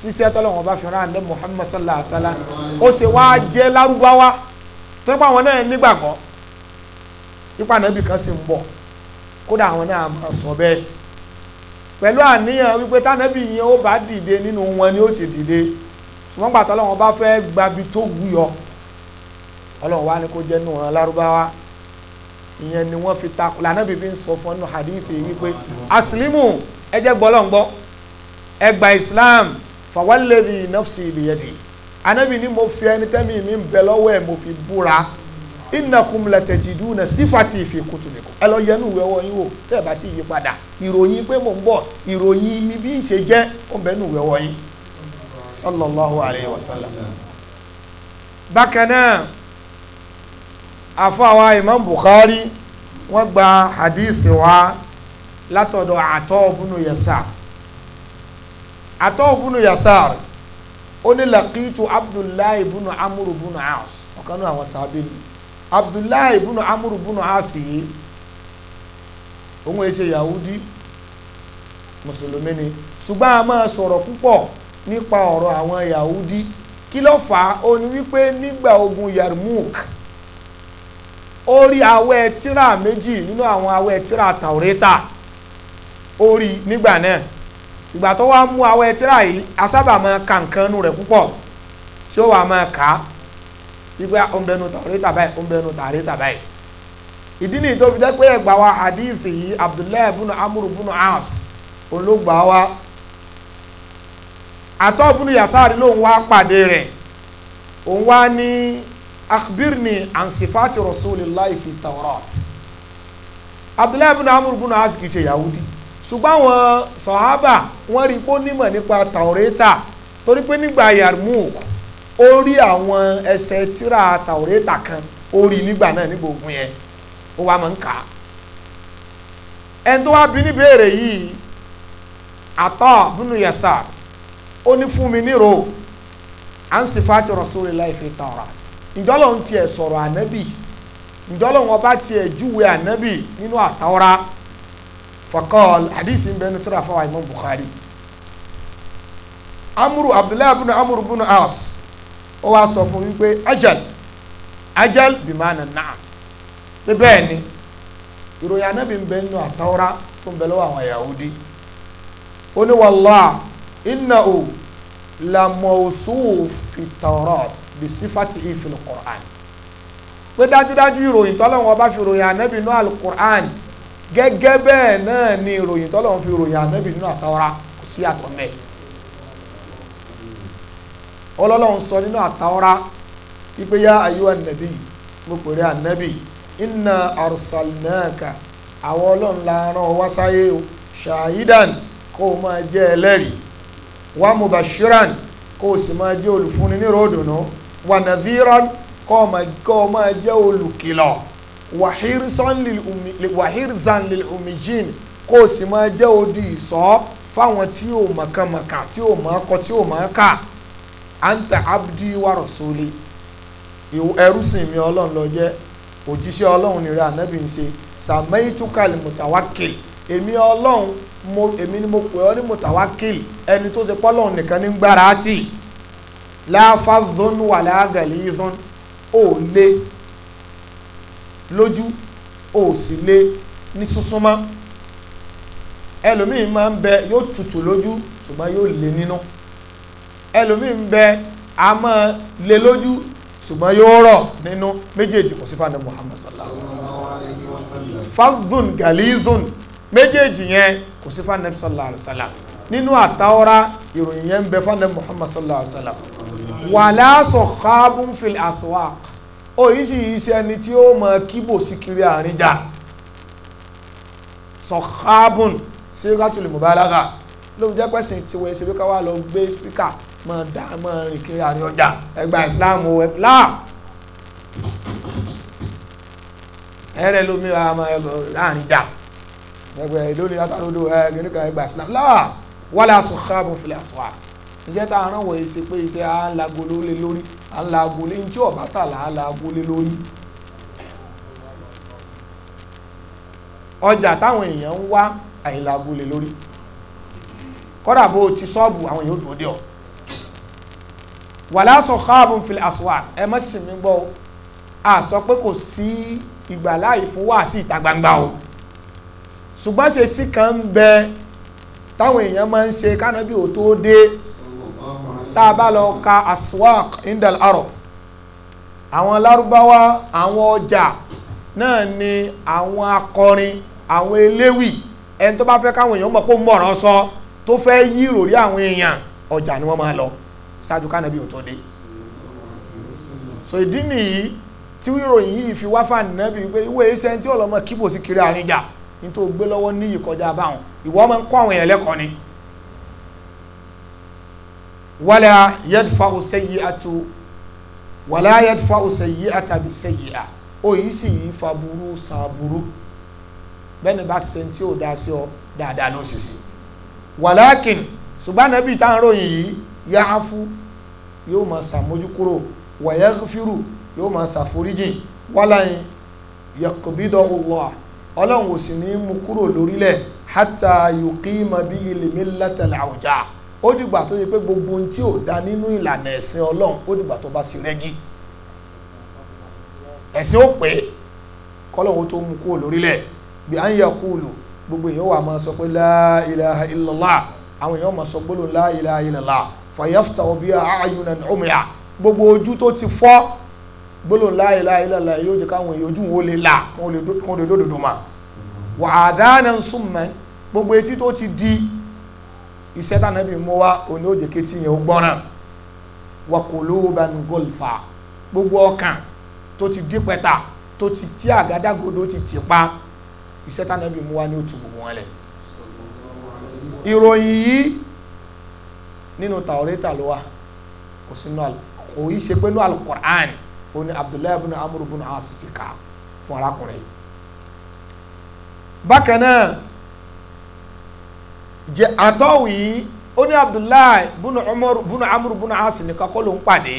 ṣiṣẹ́ tọ́lọ́wọ́n bá fi rán àdé Muhammad sallallahu alayhi wa sallam ó ṣe wá jẹ́ lárúbáwá tó pa àwọn náà nígbàgbọ́ ipa nàbì kan sì ń bọ̀ kódà àwọn náà máa sọ bẹ́ẹ̀ pẹ̀lú àníyàn wípé tánàbì yẹn ó bá dìde nínú wọn ni ó ti dìde ṣùgbọ́n gbà tọ́lọ́wọ́n bá fẹ́ gbabi tó wuyọ ọlọ́run wá ní kó jẹ́ nù wọn lárúbáwá ìyẹn ni wọ́n fi ta lànàbì fi ń sọ fún ọ́nù hadithi wípé asilimu ẹ jẹ́ gbọ́lọ́ ń Islam fàwálẹ́dì nọ́fṣì ìbìyẹ́dì anábì ni mo fi ẹni tẹ́mi mi ń bẹ lọ́wọ́ ẹ̀ mo fi búra innakum latẹ̀jìdúnà sífàtì ìfikùtùmíkù ẹ lọ yẹnu ìwé ọwọ́ yín wò tẹ́ ẹ̀ bá ti yí padà ìròyìn pé mò ń bọ̀ ìròyìn mi bí ń ṣe jẹ́ ó ń bẹ yín sallallahu alayhi wa sallam bákan náà àfọwà imam bukhari wọ́n gba hadith wa látọ̀dọ̀ àtọ́ ọ̀bùnú yẹsà atọ́ bunu yasar ó ní lakitu abdullahi bunu amuru bunu as ọ̀kan náà àwọn sábẹ́ni abdullahi bunu amuru bunu as yìí òun èṣe yahudi mùsùlùmí ni ṣùgbọ́n a máa sọ̀rọ̀ púpọ̀ nípa ọ̀rọ̀ àwọn yahudi kí ló fà á ó ní wípé nígbà ogun yarmouk ó rí awẹ́ tíra méjì nínú àwọn awẹ́ tíra taureta ó rí nígbà náà ìgbà tó wá mú àwọn ẹtírà yìí asábà máa ka nǹkan nu rẹ̀ púpọ̀ tí ó wà máa kà á wípé ọmọdénu ah, tàrí tàbá yìí ọmọdénu tàrí tàbá yìí ìdí nìyí tó fi jẹ́ pé ẹgbà wa hadith yìí abdullahi bunu amuru bunu as olóògbà wa àtọ́ bunu yasari lòun wá pàdé rẹ̀ òun wá ní akhbirni an sifati rasulillahi fi Taurat abdullahi bunu amuru bunu as kì í ṣe yahudi ṣùgbọ́n àwọn sọ̀hábà wọ́n rí pó nímọ̀ nípa tàwórẹ́tà torí pé nígbà yarmouk ó rí àwọn ẹsẹ̀ tíra tàwórẹ́tà kan ó rí nígbà náà nígbà ogun yẹn ó wá máa ń kà á ẹni tó wá bí níbèrè yìí àtọ́ bínú yẹsà ó ní fún mi nírò à ń sifáàtì Rasulullahi fi Tawrat ìjọlọ ń tiẹ̀ sọ̀rọ̀ ànábì ìjọlọ wọn bá tiẹ̀ júwe ànábì nínú àtàwọ́ra fakọ́ọ̀l hadith ń bẹ ní tura fáwọn imam bukhari amuru abdullahi bin amuru bin as ó wá sọ fún wípé ajal ajal bimana naam pé bẹ́ẹ̀ ni ìròyìn anábì ń bẹ nínú àtàwọ́rá tó ń bẹ lọ́wọ́ àwọn yahudi ó ní wàllá innahu la mawsuf fi tawrat bi sifati ifil qur'an pé dájúdájú ìròyìn tọ́lọ́wọ́n bá fi ròyìn anábì nínú alukur'an gẹ́gẹ́ bẹ́ẹ̀ náà ni ìròyìn tọ́lọ́run fi ròyìn ànábì nínú àtàwárá kò sí àtọ̀ mẹ́ ọlọ́lọ́run sọ nínú àtàwárá wípé yá ayúwa nàbí mo pèrè ànábì inna arsalnaka àwọn ọlọ́run la rán wá sáyé o ṣàhídàn kó o máa jẹ́ ẹlẹ́rìí wá mubashiran kó o sì máa jẹ́ olùfúnni nírò òdùnnú wà nàdíran kó o máa jẹ́ olùkìlọ̀ wàhírísàn lil umijin kó o sì máa jẹ́ odi ìsọ́ fáwọn tí ò mọ̀kànmọ̀kà tí ò mọ̀ọ́kọ tí ò mọ̀ọ́kà anta abdi wa rasuli ẹrú sìn mi ọlọ́run ló jẹ́ òjíṣẹ́ ọlọ́run nìrẹ́ ànábì ń ṣe sàmẹ́ìtúkàlì mùtàwákìlì èmi ọlọ́run mo èmi ni mo pè ọ́ ní mùtàwákìlì ẹni tó ṣe pọ́lọ́run nìkan ní gbára tì láfàdún wà lágàlì ìdún ó lé lójú o sì lè ní súnsún mọ́ ẹlòmíì máa ń bẹ yóò tutù lójú ṣùgbọ́n yóò lè nínú ẹlòmíì ń bẹ a máa lè lójú ṣùgbọ́n yóò rọ̀ nínú méjèèjì kò sí fàánà Muhammad sallallahu alaihi wasallam fazun galizun méjèèjì yẹn kò sí fàánà sallallahu alaihi wasallam nínú àtàwọ́rá ìròyìn yẹn ń bẹ fàánà Muhammad sallallahu alaihi wasallam wala sokhabun fil aswaq òyí sì iṣẹ́ ẹni tí ó mọ kíbò sí kiri àríjà sọ̀hábùn sí rátùlì mọ̀bálára ló jẹ́ pẹ́sìn tí wọ́n ṣe lókà wà lọ gbé spíkà mọ̀ dá mọ̀ rìn kiri àrín ọjà ẹgbà ìsìláàmù ẹ̀pìlá ẹ̀rẹ̀ lómi àmọ́ àríjà ẹgbẹ̀ lónìí látàlódò ẹgbẹ̀rún ẹgbà ìsìláàmù láà wala sọ̀hábùn fìlà sọ̀hábùn iṣẹ́ tá a rán wọ̀nyí ṣe pé iṣẹ́ à ń lago lólé lórí à ń lago lé ní tí ọ̀bá tà là á lago lé lórí. ọjà táwọn èèyàn ń wá àìlago lé lórí kódà bó o ti ṣọ́ọ̀bù àwọn èèyàn ò dúró dé ọ. wàlá sọ káàbùn fil aswaq ẹ mọ́ sí mi gbọ́ o a sọ pé kò sí ìgbàláyè fún wáàsí ìta gbangba o ṣùgbọ́n ṣe sí kan ń bẹ táwọn èèyàn máa ń ṣe kánábì ò tó dé tá a bá lọ ka aswak indal arop, àwọn lárúbáwá àwọn ọjà náà ni àwọn akọrin àwọn eléwì ẹni tó bá fẹ́ káwọn èèyàn mọ̀ kó mọ̀ràn sọ tó fẹ́ yí ìròrí àwọn èèyàn ọjà ni wọ́n máa lọ ṣáájú kánàbí ò tó dé so ìdí nìyí tí ìròyìn yìí fi wá fànàbí pé ìwé iṣẹ́ tí ọlọ́mọ kíbò sí kiri àríjà ní tó gbé lọ́wọ́ níyì kọjá báwọn ìwọ máa ń kọ́ àwọn èèyàn lẹ́kọ̀ọ́ ni wala yadfa oseyi atu wala yadfa oseyi atabi seyi a oyin sì yí fa burú san burú bẹ́ẹ̀ni bá ṣe tí ò da sí ọ dáadáa ló ṣe sí wàláàkìn ṣùgbọ́n nàbí táwọn ròyìn yìí yá á fún yóò máa ṣàmójúkúrò wàyẹ́ fírù yóò máa ṣàforíjì wàláyìn yẹ̀kọ̀bídọ̀ Allah ọlọ́run ò sì ní mú kúrò lórílẹ̀ hátà yuqima bí ilẹ̀ mi látàlá ọjà ó dìgbà tó yẹ pé gbogbo ohun tí ò da nínú ìlànà ẹ̀sìn ọlọ́run ó dìgbà tó bá sì rẹ́gí ẹ̀sìn ó pè é kọ́lọ́hún tó mú kúrò lórílẹ̀ bí à ń yẹ kúlù gbogbo èèyàn wà máa sọ pé la ilaha illallah àwọn èèyàn máa sọ gbólóhùn la ilaha illallah fàyẹ́fùtà òbí ààyùn náà ọmọya gbogbo ojú tó ti fọ́ gbólóhùn la ilaha yóò jẹ́ káwọn èèyàn ojú wo lè là wọn lè dódòdò mà wàhádà náà súnmọ́ gbogbo etí tó ti di iṣẹ́ tánàbí mú wá òní òjè kétí yẹn ó gbọ́ràn wa quluban gulfa gbogbo ọkàn tó ti dí pẹ́ta tó ti tí àgádágodo ti tì pa iṣẹ́ tánàbí mú wá ní òtù gbogbo wọn lẹ̀ ìròyìn yìí nínú tàwọ́rẹ́tà ló wà kò sínú kò yí ṣe pé ní alukur'an ó ní abdullahi ibn amr ibn as fún arákùnrin bákan náà àtọ́wò yìí ó ní abdullahi bunu umar bunu amuru bunu asi nìkan kó ló ń pàdé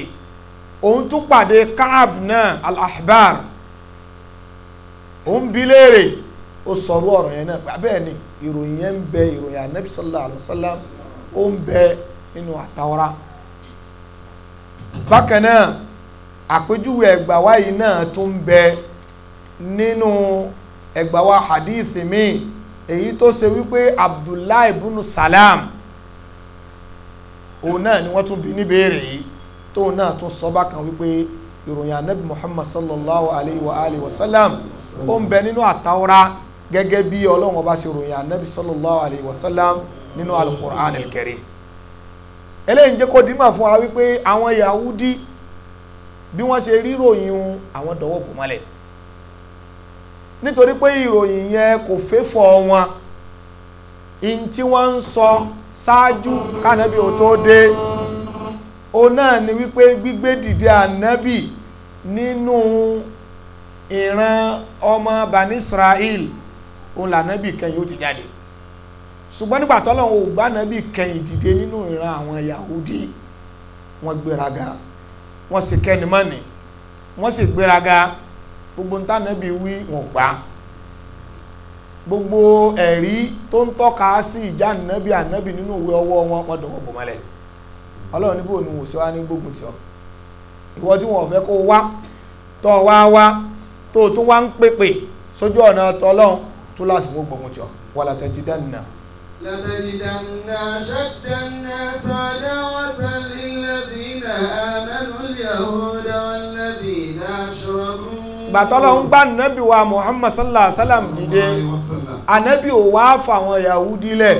òun tún pàdé káàb náà al-ahbar òun bi léèrè ó sọ̀rọ̀ ọ̀rọ̀ yẹn náà bẹ́ẹ̀ ni ìròyìn yẹn ń bẹ ìròyìn anabi sallallahu alayhi wa sallam ó ń bẹ nínú àtàwọ́rá bákan náà àpèjúwe ẹgbà yìí náà tún bẹ nínú ẹgbà hadith míì èyí tó ṣe wípé abdullahi bunu salam òun náà ni wọ́n tún bi níbèrè yìí tóun náà tún sọ bákan wípé ìròyìn anabi muhammad sallallahu alayhi wa alihi wa sallam ó ń bẹ nínú àtàwọ́rá gẹ́gẹ́ bí ọlọ́run ọba ṣe ròyìn anabi sallallahu alayhi wa sallam nínú alukur'an alkarim eléyìí ń jẹ́ kó dìímọ̀ fún wa wípé àwọn yahudi bí wọ́n ṣe rí ròyìn àwọn dọ̀wọ́ kò mọ́lẹ̀ nítorí pé ìròyìn yẹn kò fẹ́fọ́ wọn in tí wọ́n ń sọ ṣáájú kánẹ́bí ò tó dé o náà ni wípé gbígbé dìde ànábì nínú ìran ọmọ bani Israel òun lànábì kẹyìn ó ti jáde ṣùgbọ́n nígbà tọ́lọ́run ò gbá nábì kẹyìn dìde nínú ìran àwọn Yahudi wọ́n gbéraga wọ́n sì kẹ́ni mọ́ni wọ́n sì gbéraga gbogbo ntánẹ́bí wí wọ́n gbà gbogbo ẹ̀rí tó ń tọ́ka sí ìjà nẹ́bí ànẹ́bí nínú ìwé ọwọ́ wọn pọ̀dọ̀ wọ́n bò mọ́lẹ̀ ọlọ́run níbo ni wòsí wá ní gbógun tí ọ ìwọ tí wọn fẹ́ kó wá tọ́ wá wá tó tún wá ń pèpè sójú ọ̀nà tọ́lọ́run tó láti mú gbógun tí ọ wà látẹ̀jì dánìnà. لتجدن أشد الناس عداوة للذين آمنوا اليهود والذين أشركوا gbàtọ́lọ́ ń gbá nàbí wa Muhammad sallallahu alaihi wasallam dìde ànábì ò wá fàwọn Yahudi lẹ̀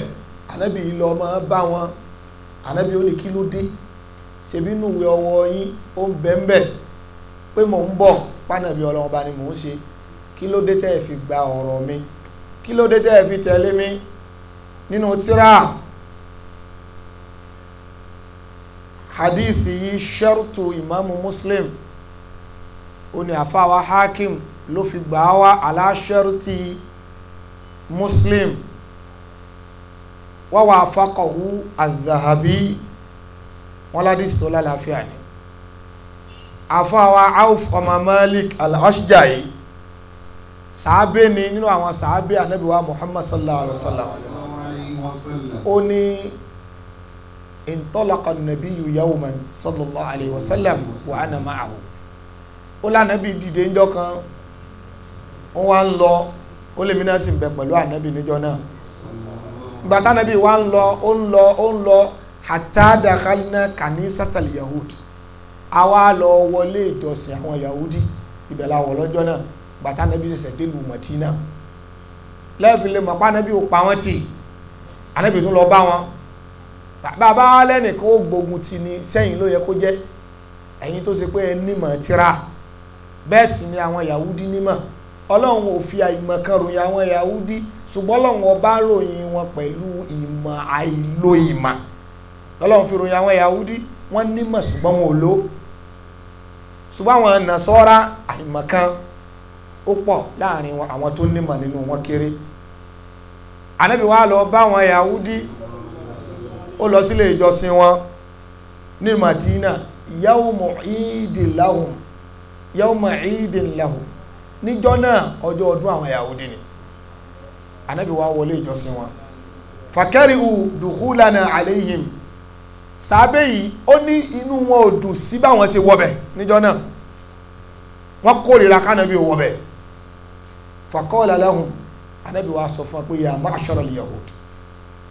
ànábì yìí lọ máa bá wọn ànábì ó ní kí ló dé ṣebí nùwẹ̀ ọwọ́ yín ó ń bẹ́ ń bẹ̀ pé mò ń bọ̀ pánàbí ọlọ́run bá ni mò ń ṣe kí ló dé tẹ́ ẹ fi gba ọ̀rọ̀ mi kí ló dé tẹ́ ẹ fi tẹ̀lé mi nínú tírà hadithi yìí shartu imamu Muslim ó ní àfáwa hakim ló fi gbà á wá aláṣẹ́rùtì muslim wọ́n wà afákọ̀wú azahabi wọ́n ládìsí tó lálàáfíà ni àfáwa auf ọmọ malik al-ashja'i sàábé ni nínú àwọn sàábé anábìwá muhammad sallallahu alaihi wa sallam ó ní intalaqa an-nabiyyu yawman sallallahu alaihi wa sallam wa ana ma'ahu ó lánàbí dìde ńjọ́ kan ó wá ń lọ ó lè mìíràn sì ń bẹ pẹ̀lú ànábì níjọ́ náà ìgbà tánàbí wá ń lọ ó ń lọ ó ń lọ hatta dakhalna kanisatal yahud a wá lọ wọlé ìjọsìn àwọn yahudi ibẹ̀ la wọ̀ lọ́jọ́ náà ìgbà tánàbí ṣẹ̀ṣẹ̀ délùú Mádínà lẹ́ẹ̀fì lè mọ̀ pánábí ò pa wọ́n tì ànábì tún lọ bá wọn bàbá lẹ́nìkan ó gbógun ti ni sẹ́yìn ló yẹ kó jẹ́ ẹ̀yin tó ṣe pé ẹ nímọ̀ tíra bẹ́ẹ̀ sì ni àwọn Yahudi nímọ̀ ọlọ́run ò fi àìmọ̀ kan ròyìn àwọn Yahudi ṣùgbọ́n ọlọ́run ọba ròyìn wọn pẹ̀lú ìmọ̀ àìlò ìmọ̀ lọ́lọ́run fi ròyìn àwọn Yahudi wọn nímọ̀ ṣùgbọ́n wọn ò lò ṣùgbọ́n àwọn Nasara àìmọ̀ kan ó pọ̀ láàrin àwọn tó nímọ̀ nínú wọn kéré Ànábì wa lọ bá àwọn Yahudi ó lọ sílé ìjọsìn wọn ní Madina yawmu ìdìláhùn yawma ìdìn lahum níjọ́ náà ọjọ́ ọdún àwọn Yahudi ni anábì wa wọlé ìjọsìn wọn fàkẹ́rì u dùkúlànà àléhìm sàbẹ̀ yìí ó ní inú wọn ò dùn sí báwọn ṣe wọbẹ̀ níjọ́ náà wọ́n kórìíra kánàbí ò wọbẹ̀ fàkọ́ọ̀lá lahum anábì wa sọ fún wa pé ya ma'shara al-yahud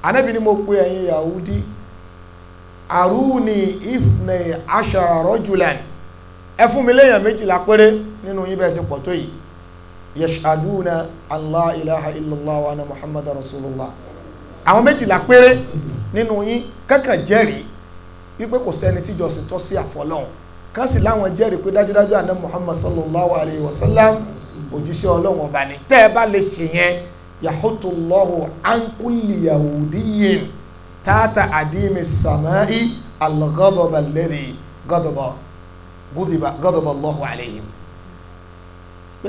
anábì ni mo pe ẹ̀yin Yahudi àrùn ní ìfnẹ̀ àṣà rajulan ẹ fún mi léèyàn méjìlá péré nínú yín bẹ́ẹ̀ ṣe pọ̀ tó yìí yashaduna allah ilaha illallah wa anna muhammadu rasulullah àwọn méjìlá péré nínú yín kankan jẹ́rìí wípé kò sẹ́ni tíjọsìn tọ́ sí àfọlọ́hún kan sì láwọn jẹ́rìí pé dájúdájú àná muhammad sallallahu alayhi wa sallam òjíṣẹ́ ọlọ́run ọba ni tẹ́ ẹ bá lè ṣe yẹn yahutullahu ankuli yahudiyin tata adimi samai alghadaba alladhi gúdìbà gọ́dọ̀bà lọ́hùn àlẹ́yìn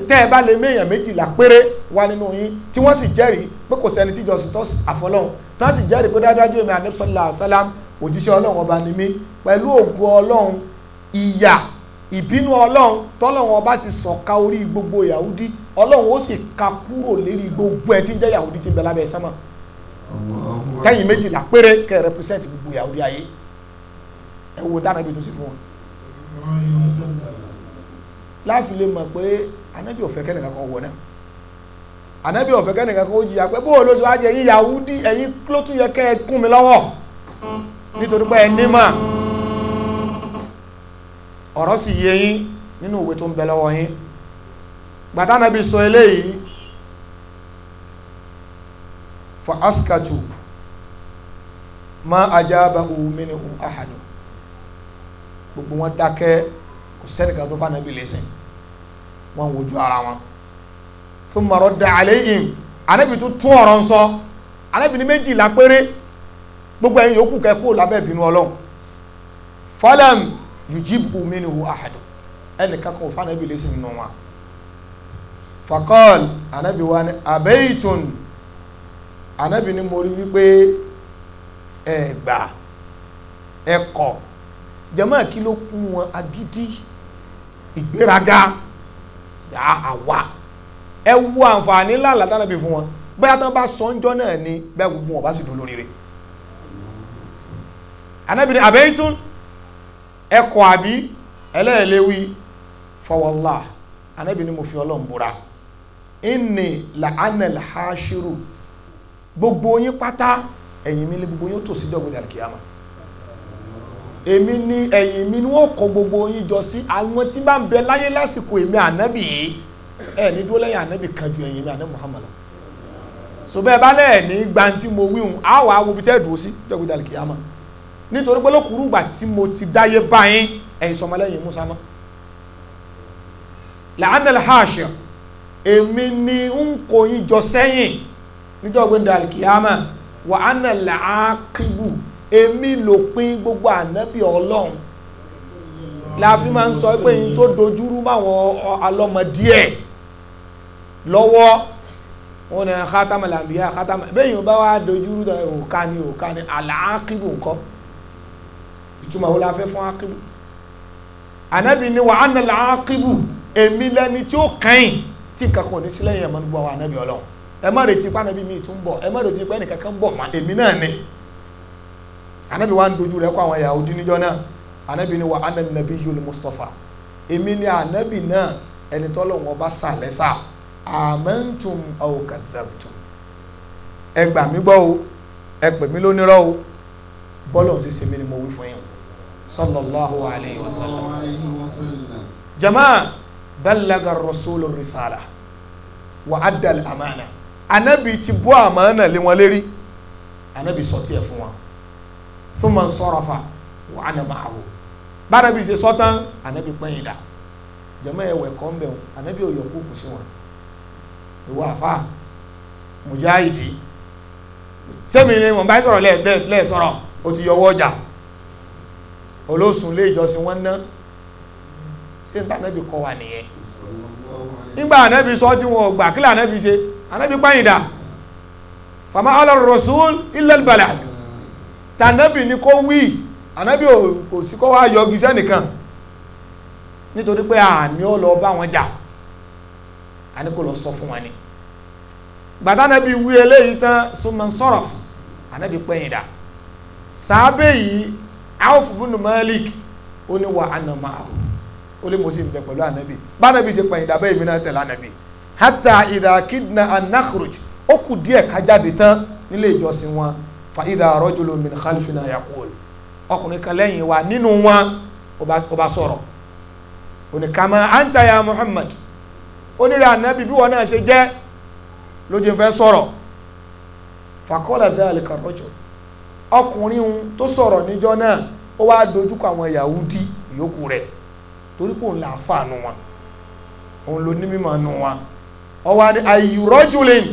tẹ́ ẹ bá lè méèyàn méjìlá péré wà nínú yín tí wọ́n sì jẹ́rìí pé kò sẹ́ni tíjọ sí tọ́sí àfọlọ́hún tán sì jẹ́rìí pé dájúdájú èmi ànábì sallallahu alaihi wasallam òjíṣẹ́ ọlọ́run ọba ni mí pẹ̀lú ògo ọlọ́run ìyà ìbínú ọlọ́run tọ́lọ́run ọba ti sọ̀ka orí gbogbo yahudi ọlọ́run ó sì ka kúrò lérí gbogbo ẹ tí ń jẹ́ yahudi ti ń bẹ lábẹ́ sánmà tẹ́yìn méjìlá péré kẹ́ represent gbogbo yahudi ayé ẹ wo dáná ibi tó sì fún wọn láti lè mọ̀ pé anábì ò fẹ́ kẹ́nìkan kan wọ̀ náà anábì ò fẹ́ kẹ́nìkan kan ó jìyà pé bóòlù tó wá jẹ yín Yahudi ẹ̀yin ló tún yẹ kẹ́ ẹ kún mi lọ́wọ́ nítorí pé ẹ ní ọ̀rọ̀ sì yé yín nínú tó ń bẹ lọ́wọ́ yín gbàtà ma ajaba hu minhum ahadu gbogbo wọn dákẹ́ kò sẹ́nìkan tó bá nàbí lẹ́sìn wọ́n wojú ara wọn thumma radda alayhim anábì tó tún ọ̀rọ̀ ń sọ anábì ní méjìlá péré gbogbo ẹ̀yin yòókù kẹ́ kó lábẹ́ ìbínú ọlọ́run falam yujibu minhu ahadu ẹnìkan kò fún anábì lẹ́sìn nínú wọn faqal anábì wa ni abaytun anábì ní mo rí wípé ẹ̀gbà ẹ̀kọ́ jẹ́mọ́ kí ló kún wọn agídí ìgbéraga àwa ẹ wo àǹfààní ńlá ńlá tánà bí fún wọn bóyá tán bá sọ́njọ́ náà ni bẹ́ẹ̀ gbogbo wọn bá sì dúró lórí rẹ̀ anábìrin àbẹ́yìtún ẹkọ̀ àbí ẹlẹ́ẹ̀lẹ́wí fọwọ́lá anábìrin mo fi ọlọ́run búra inni la'anal hashiru gbogbo yín pátá ẹ̀yìn mi lé gbogbo yín ó tò sí dọ̀gbọ̀dà kìámà èmi ni ẹ̀yìn mi ni wọ́n kọ gbogbo yín jọ sí àwọn tí bá ń bẹ láyé lásìkò èmi ànábì yìí ẹ̀ ní dúró lẹ́yìn ànábì kan ju ẹ̀yìn mi ànábì Muhammad lọ so bẹ́ẹ̀ bá lẹ́ẹ̀ ní gbanti mo wíhun á wàá wo ibi tẹ́ dùn sí jọ́gbé dalẹ̀ kìyàmá nítorí pé lókùrú ìgbà tí mo ti dáyé báyìí ẹ̀yìn sọmọlẹ́yìn Musa mọ́ làánà làhàṣẹ èmi ni ń kò yín jọ sẹ́yìn níjọ́gbé dalẹ̀ kìyàmá wà á nà làákìbù èmi lòpin gbogbo ànábì ọlọ́run la fi máa ń sọ pé n tó dojúrú máwọn alọ́mọ díẹ̀ lọ́wọ́ wọn ni kátàmàlàbíyà kátàmà bẹ́yìn bá wá dojúrú òka ni òka ni àlàákìbù nǹkan ìtumọ̀ wo la fẹ́ fún ákìbù ànábì ni wàá nà làákìbù èmi lẹni tí ó kẹ́yìn tí nǹkan kan ní sílẹ̀ yẹn mọ́ nígbà wà ànábì ọlọ́run ẹ má retí pé ànábì mi tún bọ̀ ẹ má retí pé ẹnìkan bọ̀ èmi náà ni anabi wa ń dojú rẹ kọ àwọn Yahudi níjọ náà anabi ni wa anan nabi yul mustapha èmi ni anabi náà ẹni tọ́lọ̀ wọn bá sà lẹ́sà amantum aw kadhabtum ẹ gbà mí gbọ́ o ẹ pè mí lónírọ́ o bọ́lọ̀ ń ṣe mi ni mo wí fún yín sallallahu alayhi wa sallam jamaa balaga rasulu risala wa adal amana anabi ti bọ́ amana lé wọn anabi sọ tiẹ̀ fún wọn thumma sarafa wa ana ma'ahu bánabi ṣe sọ́tán ànábi pẹ́yìn dà jẹ́mọ́ ẹ̀wẹ̀ kọ́ ń bẹ̀ wọn ànábi ò yọ kó kù sí wọn ìwọ àfa mujahidi sẹ́mi ni wọ́n bá sọ̀rọ̀ lẹ́ẹ̀ sọ̀rọ̀ o ti yọwọ́ ọjà olóòsùn lé ìjọsìn wọn ná ṣé n ta ànábi kọ́ wa nìyẹn nígbà ànábi sọ tí wọn gbà kílà ànábi ṣe ànábi pẹ́yìn dà fama ala rasul illa al balag tànàbì ni kó wí ànábì kò sí kó wá yọgi nítorí pé àní ó lọ bá wọn jà àní kò lọ sọ fún wọn ni gbàtànàbì wí eléyìí tán súnmọ́ sọ̀rọ̀ ànábì pẹ́yìn dà sàábẹ́ yìí Auf bunu Malik ó ní wà ànàmọ́ àwọn ó lé mo ṣe pẹ̀yìn dà bẹ́ẹ̀ mi náà tẹ̀lé ó kù díẹ̀ tán nílé fa idha rajulun min khalfina yaqul ọkùnrin kan lẹ́yìn wa nínú wọn ó bá sọ̀rọ̀ oníkàmá anta ya Muhammad onírè ànábì bí wọn náà ṣe jẹ́ lójú ìfẹ́ sọ̀rọ̀ faqala dhalika ar-rajul ọkùnrin tó sọ̀rọ̀ níjọ́ náà ó wá dojúkọ àwọn Yahudi ìyókù rẹ̀ torí kò ń la àfààní wọn òun ló ní mímọ̀ nù wọn ọwọ́ ni ayu rajulin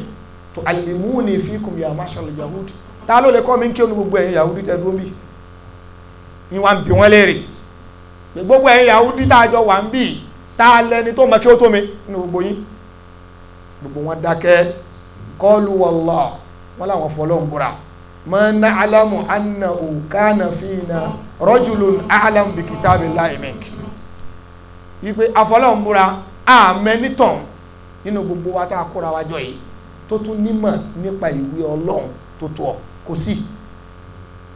tu'allimuni fikum ya mashal Yahudi ta ló lè kọ́ mi ń kí òun gbogbo ẹ̀yin Yahudi tẹ́ dúró bì ní wa ń bì Yahudi tá a jọ wà ń bì ta lẹni tó mọ kí ó tó mi nínú gbogbo yín gbogbo wọn dákẹ́ kọ́ọ̀lù wọn na alamu anna kana fina rajulun a'lam bi wípé afọlọ́n búra nínú gbogbo wa tá a kóra wájọ yìí tó tún nímọ̀ nípa ìwé ọlọ́run tó kò sí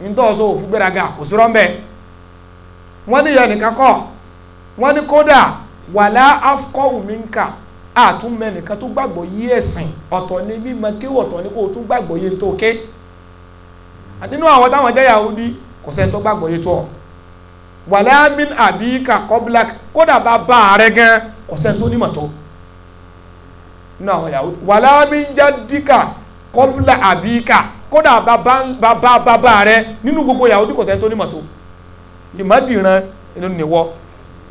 ntọ́sọ òfin gbéraga kò sí rọ́ńbẹ́ wọ́n ní yẹnìkan kọ́ wọ́n ní kódà wàlá afkọ́hùn mi ń kà àtúnmẹ́ nìkan tó gbàgbọ́ yí ẹ̀sìn ọ̀tọ̀ ní mímọ kéwọ̀ ọ̀tọ̀ ní kó o tún gbàgbọ́ yé tó ké nínú àwọn táwọn jẹ́ Yahudi kò sẹ́ni tó gbàgbọ́ yé tó ọ wàlá min àbí kàkọ́bílà kódà bá bá ààrẹ gan kò sẹ́ni tó nímọ̀ tó nínú àwọn Yahudi wàlá min jádìkà kọ́bílà àbí kódà bàbá bàbá bàbá rẹ nínú gbogbo Yahudi kò sẹ́ni tó ní mọ̀tò ìmọ̀dìran inú nìwọ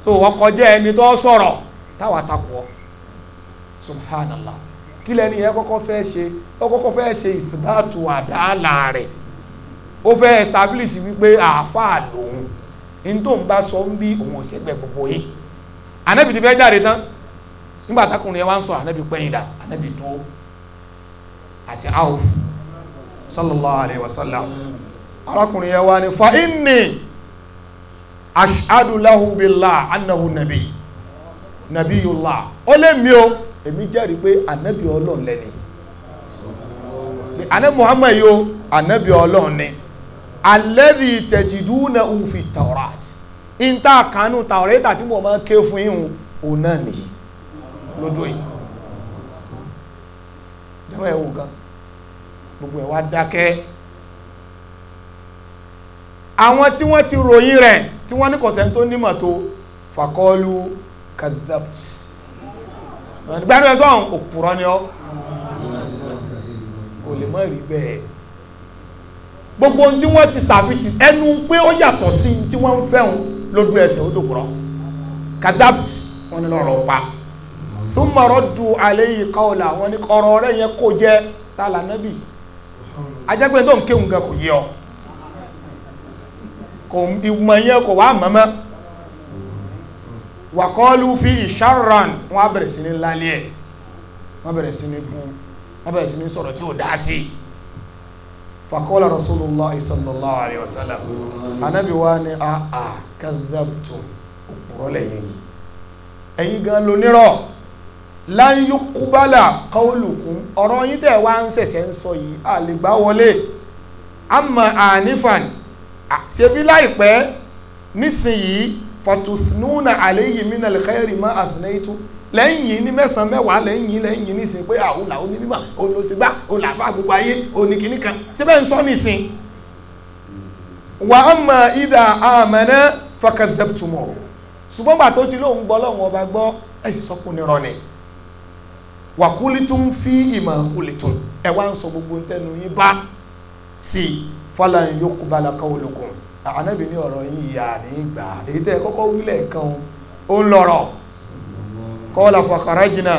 tó wọ́n kọjá ẹni tó sọ̀rọ̀ táwa takò ọ́ subhanallah kí lẹ́ni yẹn kọ́kọ́ fẹ́ ṣe kọ́kọ́ fẹ́ ṣe ìfúdàtù àdáàlà rẹ̀ ó fẹ́ establish wípé àáfàá lòun ní tó ń bá sọ ń bí òun gbogbo yìí anabi ti fẹ́ jáde tán nígbà tákùnrin sallallahu alayhi wa sallam arákùnrin yẹn wá ní fa inni ashadu lahu billah annahu nabi nabiyullah ó lé mi o èmi jẹ́rìí pé anabi ọlọ́run lẹ́ni anabi muhammad yóò anabi ọlọ́run ni alẹ́dì tẹ̀jìdúnà òfi taurat ìta kanú taurat tí mo máa ké fún yíhun òun náà nìyí lódò yìí jẹ́mọ̀ ẹ̀wò gan-an gbogbo ẹ̀ wá dákẹ́ àwọn tí wọ́n ti ròyìn rẹ̀ tí wọ́n ní kọ̀sẹ̀ tó nímọ̀ tó fàkọ́lù kadapt gbẹ́nu ẹ̀sọ́ òpùrọ́ ni ọ́ kò lè mọ́ rí bẹ́ẹ̀ gbogbo tí wọ́n ti sàfitì ẹnu pé ó yàtọ̀ sí tí wọ́n ń fẹ́hùn lójú ẹsẹ̀ ó dòpùrọ́ kadapt wọn ni lọ́rọ̀ pa súnmọ̀rọ̀ du àléyìn kọ́ọ̀là wọn ni ọ̀rọ̀ rẹ̀ yẹn kò jẹ́ tálà ajẹ́pẹ́ tó ń kéwùn gan kò yé ọ kò ìmọ̀ yẹn kò wá mọ́mọ́ wàkọ́ọ́lù fi ìṣàrán wọn á bẹ̀rẹ̀ sí ní lálẹ́ ẹ̀ wọ́n bẹ̀rẹ̀ sí ní gún wọ́n bẹ̀rẹ̀ sí ní sọ̀rọ̀ tí ò dá sí fàkọ́lá rasulullah sallallahu alayhi wa sallam anabi wa ni a a kazabtum òpùrọ̀ lẹ́yìn ẹ̀yin gan lonírọ̀ láyúkúbálà kọ́ọ̀lùkún ọ̀rọ̀ yín tẹ̀ wá ń ṣẹ̀ṣẹ̀ ń sọ yìí àlègbà wọlé àmọ́ ànífàn ṣebí láìpẹ́ nísìnyìí fọ̀tùnúnà àléyìí mínà lẹ́kẹ́rì mọ́ àfúnẹ́tù lẹ́yìn ní mẹ́sàn-án mẹ́wàá lẹ́yìn lẹ́yìn nísìn pé àwọn làwọn ní bíbà òun ló sì gbá òun làfà gbogbo wàkúlítún fi ìmọ̀ kúlítún ẹ wá sọ gbogbo tẹnu yín bá sí fọláyìn yóò kú bala káwọn olùkùn ànábì ní ọ̀rọ̀ yín ìyá ní ìgbà èyí tẹ́ kan ó ń lọrọ kọ́ọ̀lá fọkàrẹ́ jìnnà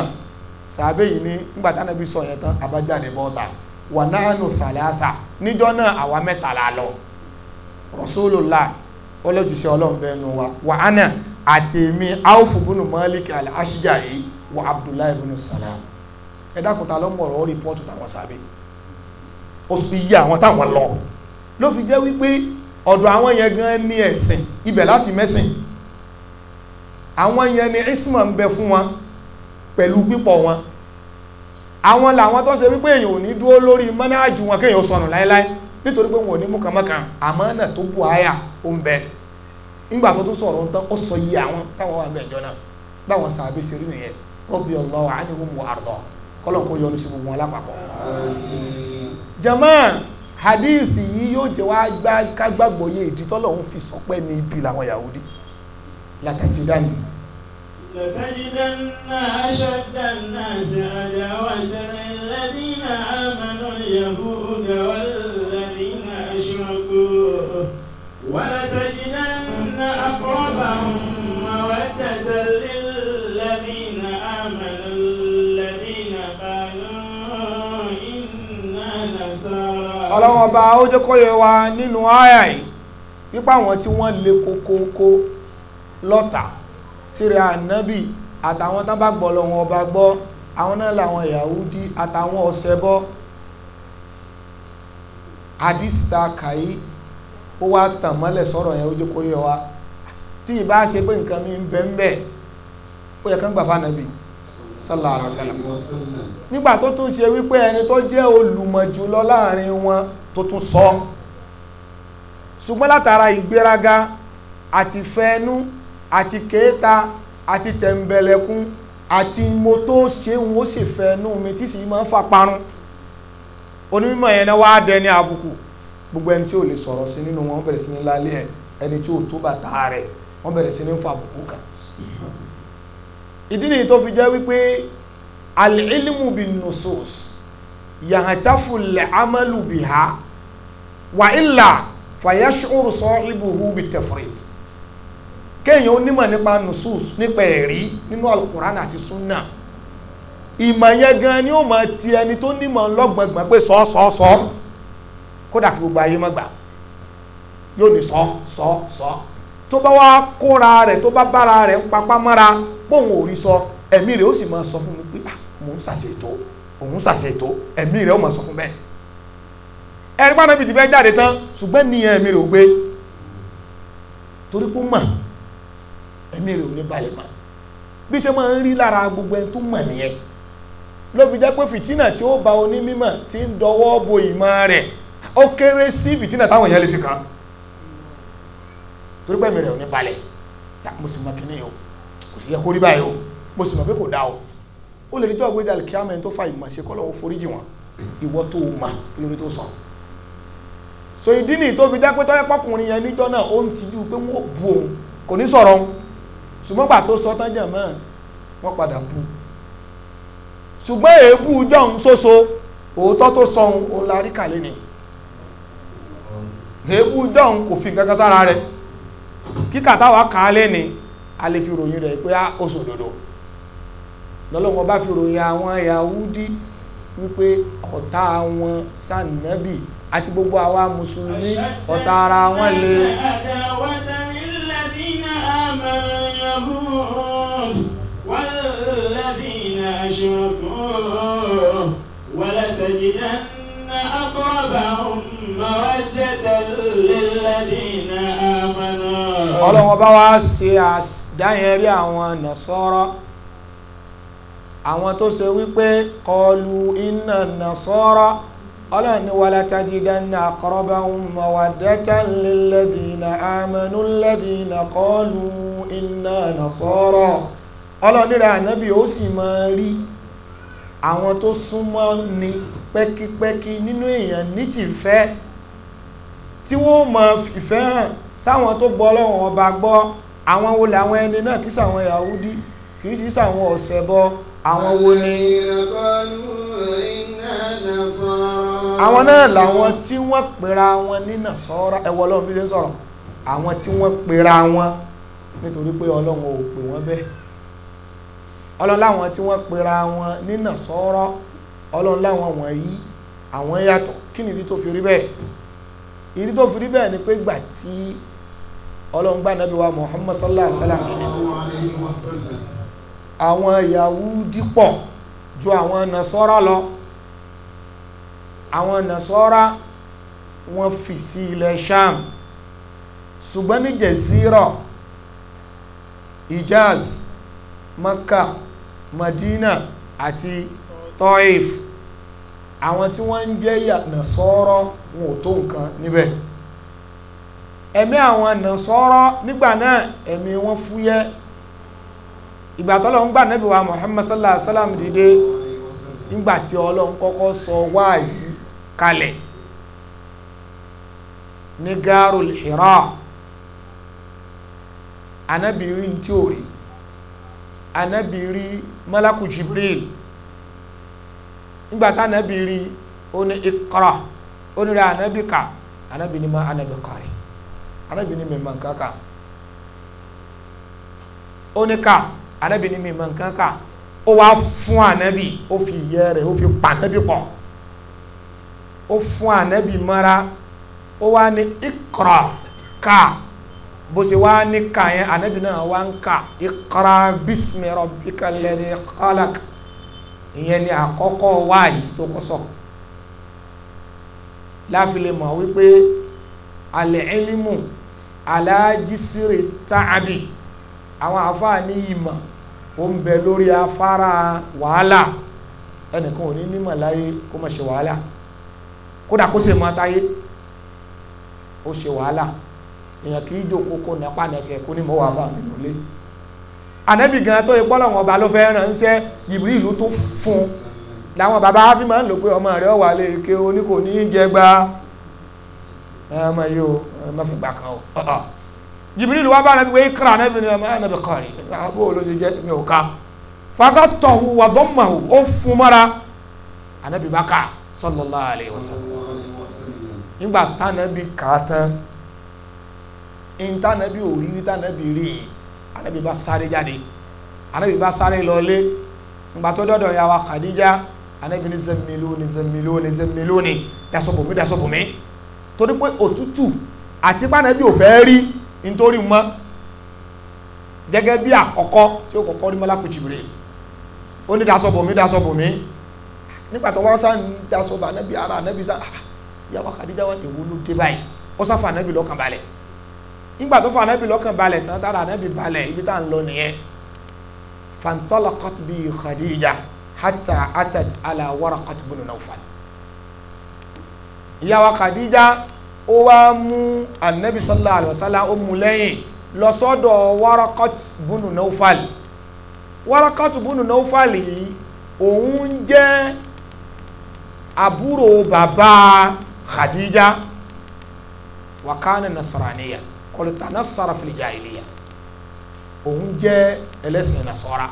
sàbẹ̀ yìí ní sọ yẹn tán abájáde bọ́ta wà náà sàlẹ́àtà awa náà àwa mẹ́ta la lọ ọlọ́run bẹ́ẹ̀ wa wà á wa abdullahi ibn salam ẹ dákun ta ló ń bọ̀rọ̀ ó rìpọ́ọ̀tù táwọn sábẹ́ ó sì yí àwọn táwọn lọ ló fi jẹ́ wípé ọ̀dọ̀ àwọn yẹn gan ní ẹ̀sìn ibẹ̀ láti mẹ́sìn àwọn yẹn ni isma ń bẹ fún wọn pẹ̀lú pípọ̀ wọn àwọn làwọn tó ṣe wípé èyàn ò ní dúró lórí mọ́nájú wọn kéèyàn sọnù láéláé nítorí pé wọn ò ní mú kànmọ́kàn àmọ́ náà tó bù áyà ó ń sọ iye àwọn radiyallahu anhum wa arda kọ́lọ̀ kó yọ lùsí gbogbo alápapọ̀. jama hadithi yìí yóò jẹ́ wá kágbàgbọ́ yé ìdí tọ́lọ̀ ń fi sọpẹ́ ní ibi làwọn Yahudi látàjì dání. لتجدن أشد الناس عداوة للذين آمنوا اليهود والذين أشركوا ولتجدن أقربهم مودة للذين ọlọ́wọ́n ọba ó jẹ́ kó yẹ wa nínú àyà yìí wípé àwọn tí wọ́n le kókókó lọ́tà síra ànábì àtàwọn tán bá gbọ́ lọ́wọ́n ọba gbọ́ àwọn náà làwọn Yahudi àtàwọn ọ̀sẹ̀bọ àdìsíta kàyí ó wá tàn mọ́lẹ̀ sọ̀rọ̀ yẹn ó jẹ́ kó yẹ wa tí ì bá ṣe pé nǹkan mi ń bẹ́ńbẹ́ ó yẹ kán gbà fún ànábì sallallahu alaihi wasallam nígbà tó tún ṣe wípé ẹni tó jẹ́ olùmọ̀jù lọ láàrin wọn tó tún sọ ṣùgbọ́n látara ìgbéraga àti fẹ́ẹ̀nú àti kéèta àti tẹ̀m̀bẹ̀lẹ̀kún àti mo tó ṣe ń ó sì fẹ́ẹ̀nú mi tí sì máa ń fa parun onímọ̀ yẹn wá dẹni àbùkù gbogbo ẹni tí ò lè sọ̀rọ̀ sí nínú wọn bẹ̀rẹ̀ sí ní lálẹ́ ẹni tí ò tó bàtà rẹ̀ wọ́n bẹ̀rẹ̀ sí ní fa àbùkù kan ìdí nìyí tó fi jẹ́ wípé alìlímù bin nusus yàhàtàfù lẹ́àmàlù bìhá wà ìlà fàyàṣùrù sọ ìbùhù bí tẹ̀fọ̀rẹ̀tì kéèyàn onímọ̀ nípa nusus nípa ẹ̀rí nínú alukuran àti sunna ìmọ̀ yẹn gan ni ó máa ti ẹni tó nímọ̀ lọ́gbọ̀ngbọ̀n pé sọ kódà gbogbo ayé má yóò ní sọ tó bá wá kóra rẹ̀ tó bá bára rẹ̀ ń papá mọ́ra bóun ò rí sọ ẹ̀mí rẹ̀ ó sì máa sọ fún mi pé mò ń sàṣe ètò òun sàṣe ètò ẹ̀mí rẹ̀ ó máa sọ fún bẹ́ẹ̀ ẹ̀rí pàdé bìtì fẹ́ jáde tán ṣùgbọ́n níyẹn ẹ̀mí rẹ̀ ò gbé torí pé ó mọ̀ ẹ̀mí rẹ̀ ò ní balẹ̀ mọ́ bí ṣe máa ń rí lára gbogbo ẹni tó mọ̀ nìyẹn ló fi jẹ́ pé fìtínà tí ó ba onímọ̀ ti ń dọwọ́ bo ìmọ̀ rẹ̀ ó kéré sí fìtínà táwọn èèyàn lè fi kàn án torí pẹ̀mí rẹ̀ ò ní balẹ̀ yà mo sì mọ kíní o kò sì yẹ kó rí báyìí o mo sì mọ pé kò dá o ó lè ní tó àgbéjà kí á mẹ́rin tó fa ìmọ̀ ṣe kọ́lọ́wọ́ foríjì wọn ìwọ tó o mà lórí tó sọ so ìdí nìyí tó fi jẹ́ pé tọ́yẹ́ pọ́kùnrin yẹn níjọ́ náà ó ń tijú pé wọ́n bu òun kò ní sọ̀rọ̀ òun ṣùgbọ́n gbà tó sọ tán jẹ̀ mọ́ wọ́n padà bu ṣùgbọ́n èébú jọ̀hún ṣoṣo òótọ́ tó sọ òun ó larí kàlẹ́ ni èébú jọ̀hún kò fi nǹkan kan sára rẹ̀ kíkà táwa kà á lẹ́ni a lè fi ròyìn rẹ̀ pé ó sòdodo lọ́lọ́wọ́ bá fi ròyìn àwọn Yahudi wípé ọ̀tá wọn sànàbì àti gbogbo àwa mùsùlùmí ọ̀tá ara wọn lè والذين أشركوا ولتجدن ọlọ́wọ́n bá wá ṣe àdáyẹn rí àwọn nàṣọ́rọ́ àwọn tó ṣe wípé kọlu iná nàṣọ́rọ́ ọlọ́run ni wàlá tajidanna aqrabahum mawaddatan lilladhina amanu alladhina qalu iná nàṣọ́rọ́ ọlọ́run nílẹ̀ ànábì ó sì máa rí àwọn tó súnmọ́ ni pẹ́kípẹ́kí nínú èèyàn ní ti fẹ́ tí wọ́n mọ ìfẹ́ hàn sáwọn tó gbọ́ ọlọ́run ọba gbọ́ àwọn wo làwọn ẹni náà kì í sàwọn Yahudi kì í sì sàwọn ọ̀sẹ̀bọ àwọn wo ni àwọn náà làwọn tí wọ́n pera wọn ní Nasara ẹ̀wọ̀ ọlọ́run bí ṣe ń sọ̀rọ̀ àwọn tí wọ́n pera wọn nítorí pé ọlọ́run ò pè wọ́n bẹ́ẹ̀ ọlọ́run láwọn tí wọ́n pera wọn nínà sọ́ọ́rọ́ ọlọ́run láwọn wọ̀nyí àwọn yàtọ̀ kí ni ìdí tó fi rí bẹ́ẹ̀ ìdí tó fi rí bẹ́ẹ̀ ni pé gbà tí ọlọ́run gbà nábì wa Muhammad sallallahu alaihi àwọn Yahudi pọ̀ ju àwọn nasọ́ra lọ àwọn nasọ́ra wọ́n fi sí ilẹ̀ Sham ṣùgbọ́n ní jẹ̀zírọ̀ Ijaz Makkah Madina àti Taif àwọn tí wọ́n ń jẹ́ yàtọ̀ sọ́rọ́ wọn ò tó nǹkan níbẹ̀ ẹ̀mí àwọn nàṣọ́rọ́ nígbà náà ẹ̀mí wọn fúyẹ́ ìgbà tọ́lọ̀ ń gbà wa Muhammad sallallahu alaihi wasallam dìde nígbà sọ wáyé kalẹ̀ ní Garul Hira tí ò malaku jibril nígbà tá anabi rí ó ní ikra ó ní rẹ anabi kà ma anabi kọrin anabi ní mímọ nǹkan kà ó ka anabi ní mímọ nǹkan kà ó wá fún anabi ó fi yere o fi pa anabi pọ̀ ó fún anabi mara o wa ni ikra bó ṣe wá ní ka yẹn anabi náà wá ń ka iqra bismi rabbikal ladhi khalaq ìyẹn ni àkọ́kọ́ wáyé tó kọ́ sọ láfilẹ̀ mọ̀ wípé alẹ́ ẹ́límù alájísírì tààbì àwọn àfáà ní ìmọ̀ ó ń bẹ lórí afárá wàhálà ẹnìkan ò ní nímọ̀ láyé kó má ṣe wàhálà kódà kó ṣe mọ́ táyé ó ṣe wàhálà èèyàn kì í jòkó kó nípa nẹsẹ̀ kó ní mọ́ wà bá mi lólé gan tó ipọ́ lọ́wọ́n ọba ló fẹ́ ránṣẹ́ ìlú tó fún làwọn bàbá fi máa ń lò pé ọmọ rẹ̀ wà lè ké o kò ọmọ yìí o ọmọ fi gbà kan o ìlú wa bá kíra ni ọmọ kan rí ló ṣe mi ò ká hu wà ó fún mọ́ra bá ìntànàbí ò rí ìtànàbí rí ànábì bá sáré jáde ànábì bá sáré lọlé ìgbà tó dọ́dọ̀ ya wa Khadija ànábì ní zẹmìlú ní zẹmìlú ní zẹmìlú ní dasọ̀bùnmí dasọ̀bùnmí torí pé òtútù àti pànàbí ò fẹ́ rí nítorí mọ́ gẹ́gẹ́ bí àkọ́kọ́ tí ó kọ́kọ́ rí mọ́lákù jìbìrì ó ní dasọ̀bùnmí dasọ̀bùnmí nígbà tó sá ń dasọ̀bù ànábì ara ànábì sá ah, ya wa Khadija wa èwo ló dé báyìí ó sáfà ànábì lọ́kàn balẹ̀ nígbà tó fa anabi lọ́kàn balẹ̀ tán tára anabi balẹ̀ ibi tá à ń lọ nìyẹn fantalaqat bi khadija hatta atat ala waraqat bin nawfal ìyá wa khadija ó wá mú anabi sallallahu alayhi ó mú lẹ́yìn lọ sọ́dọ̀ waraqat bin nawfal waraqat bin nawfal yìí òun jẹ́ àbúrò bàbá khadija wakana nasaraniya. kọlùtànà sara fìlìjà ìlìyà òun jẹ́ ẹlẹ́sìn nasara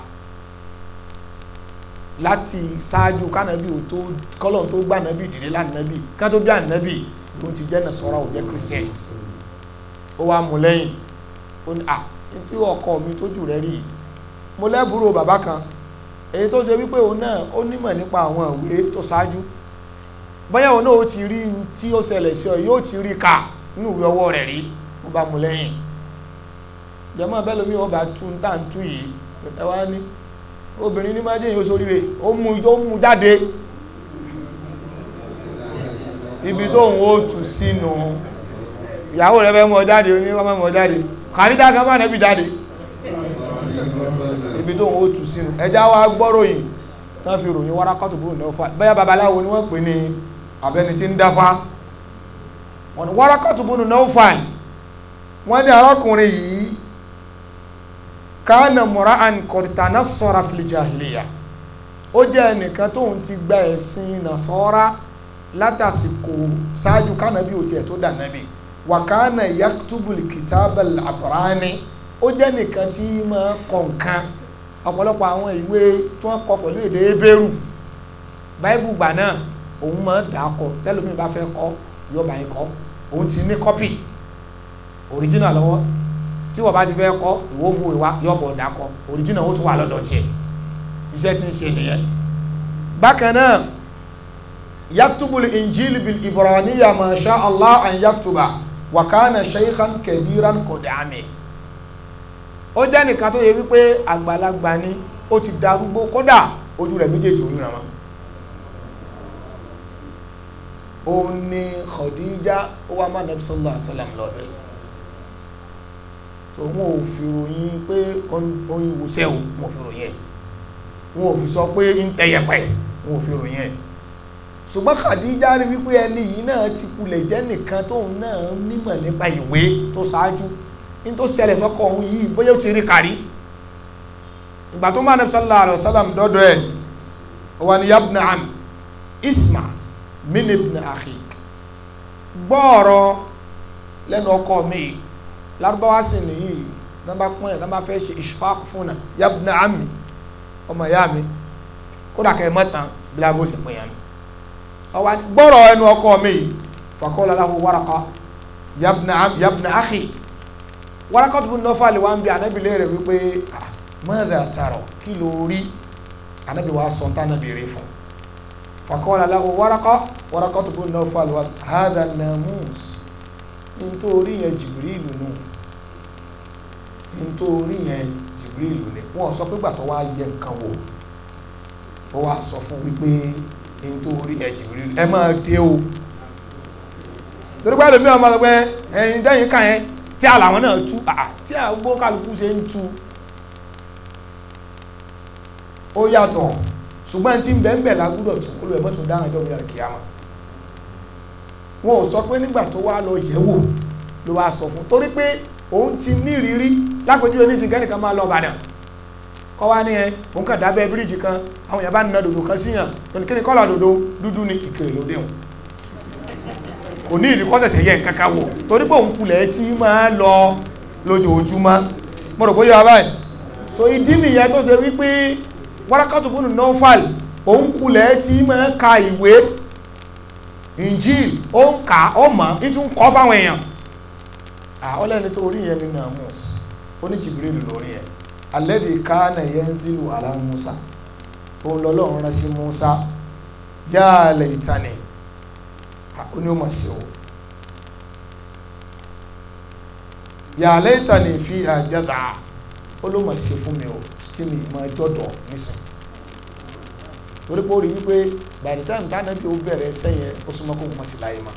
láti sáájú kánábì ò tó kọ́lọ́n tó gbà nábì dìde lánàbì ká tó bí ànábì ló ti jẹ́ nasara ò jẹ́ christian ó wá mú lẹ́yìn ó ní à nítorí ọkọ mi tó jù rẹ rí i mo bàbá kan èyí tó ṣe wípé òun náà ó nímọ̀ nípa àwọn ìwé tó ṣáájú bóyá òun náà ó ti rí tí ó ṣẹlẹ̀ sí yóò ti rí kà nínú ìwé ọwọ́ rẹ̀ rí wọ́n bá mú lẹ́yìn jọmọ́ bẹ́ẹ̀ lómi wọ́n bá tún tá ní obìnrin ní ó ó jáde ibi tó ń wó tù nù? ìyàwó rẹ bẹ mọ́ jáde ó ní wọ́n mọ́ jáde kàrídà kan jáde ibi tó ń wó tù sínú ẹjá wa gbọ́rọ̀ yìí tán fi ròyìn babaláwo ni pè ní abẹni tí ń ni yìí wọ́n ní arákùnrin yìí kánà mura'an kọ̀dìtànà sọ́ra fil jahiliya ó jẹ́ ẹnìkan tóun ti gba ẹ̀sìn nàṣọ́ra látàsìkò ṣáájú kánàbí ò tiẹ̀ tó dànàbí wàkánà yaktubul kitabal abrani ó jẹ́ nìkan tí máa kọ nǹkan ọ̀pọ̀lọpọ̀ àwọn ìwé tí wọ́n kọ pẹ̀lú èdè ebéèrú báíbù gbà náà òun máa dà á kọ tẹ́lómi bá fẹ́ kọ yóò bá yín kọ òun ti ní kọ́pì original lọ́wọ́ tí wọ́n bá ti fẹ́ kọ́ ìwọ mú ìwá yọ̀bọ̀ ọ̀dà original ó tún wà lọ́dọ̀ tiẹ̀ iṣẹ́ ti ń ṣe nìyẹn. bákan náà yaktubul injil bil ibraniya ma sha allah an yaktuba wa kana shaykhan kabiran kọ̀dàmì. ó jẹ́ nìkan tó yẹ wípé àgbàlagbà ni ó ti darúgbó kódà ojú rẹ̀ méjèèjì ò ríran mọ́. ó ní Khadija ó wá má nàbísọ́lá àṣàlám lọ́dọ̀ yìí òun ò fi ròyìn pé oyin wùsẹ́ o wọn ò fi ròyìn ẹ̀ wọn ò fi sọ pé ń tẹyẹpẹ wọn ò fi ròyìn ẹ̀ ṣùgbọ́n Khadija rí wípé ẹni yìí náà ti kulẹ̀ jẹ́ nìkan tóun náà nímọ̀ nípa ìwé tó ṣáájú ní tó ṣẹlẹ̀ sọ́kọ òun yìí bóyá ó ti rí kárí ìgbà tó máa sallallahu alaihi wasallam dọ́dọ̀ ẹ̀ wà ní yabna am isma min ibn akhik gbọ́ ọ̀rọ̀ lẹ́nu ọkọ mi lárúbáwá sì nìyí nàbà pọ́n yẹn nàbà fẹ́ ṣe ìṣfàkù fún náà yabna ami ọmọ ìyá mi kódà kẹ́ ẹ mọ̀tàn bíláàbò sì pín yẹn mi ọwọ́ gbọ́rọ̀ ẹnu ọkọ mi yìí fàkọ́lá aláwọ̀ wárakọ́ yabna ami yabna akhi wárakọ́ tó nọ́fà lè wá ń bí anábìlẹ̀ rẹ̀ wípé ah, mọ́tà tààrọ̀ kí ló rí anábì sọ fàkọ́lá aláwọ̀ wárakọ́ wárakọ́ tó nọ́fà lè wá hádà nàmúùsì ní tó orí yẹn jìbìrí ìlú nù ní tó orí yẹn jìbìrí ìlú ni wọ́n sọ pé gbà tó wá yẹ nǹkan wò ó wá sọ fún wípé ní tó orí yẹn jìbìrí ìlú ẹ máa dé o torí pé ẹlòmíràn máa sọ pé ẹyin dẹ́yìn ká yẹn tí àlàwọn náà tú tí àwọn kálukú ṣe ń tú ó yàtọ̀ ṣùgbọ́n tí ń bẹ́ẹ̀ ń bẹ̀ lágbúdọ̀ tún olùwẹ̀bọ̀ tún dáhùn ẹjọ́ ìrìnàjò kìámà wọn ò sọ pé nígbà tó wá lọ yẹ̀wò ló wá sọ fún torí pé òun ti ní ìrírí lápòjú ẹni ti gẹ́nìkan máa lọ Ìbàdàn kọ́ wá ní ẹ òun kàn dábẹ́ bíríìjì kan àwọn èèyàn bá ń na dòdò kan síyàn tóní kíni kọ́là dòdò dúdú ni ìkèrè lóde wọn kò ní ìdí kọ́sẹ̀sẹ̀ yẹ nǹkan kan wò torí pé òun kulẹ̀ tí máa lọ lójoojúmọ́ mo rò bóyá báyìí so ìdí nìyẹn tó ṣe wípé wárákàtúbùnù nọ́fàl òun kulẹ̀ tí máa ka ìwé injil ó ń kà ó mọ̀ ní tún kọ́ fáwọn èèyàn ọlẹ́ni tó orí yẹn ni namus ó ní jibril lórí ẹ̀ alẹ́dì kánà yanzilu ala musa òun lọ́lọ́run rán sí musa ya laitani ó ní ó mọ̀ sí o ya laitani fi àjẹ́dà ó ló mọ̀ sí fún mi o tí mi máa jọ́dọ̀ nísìnyí torí pé ó rí wípé by the time tá nàbí ó bẹ̀rẹ̀ ẹsẹ̀ yẹn ó súnmọ́ kó mọ̀ sí láyé mọ́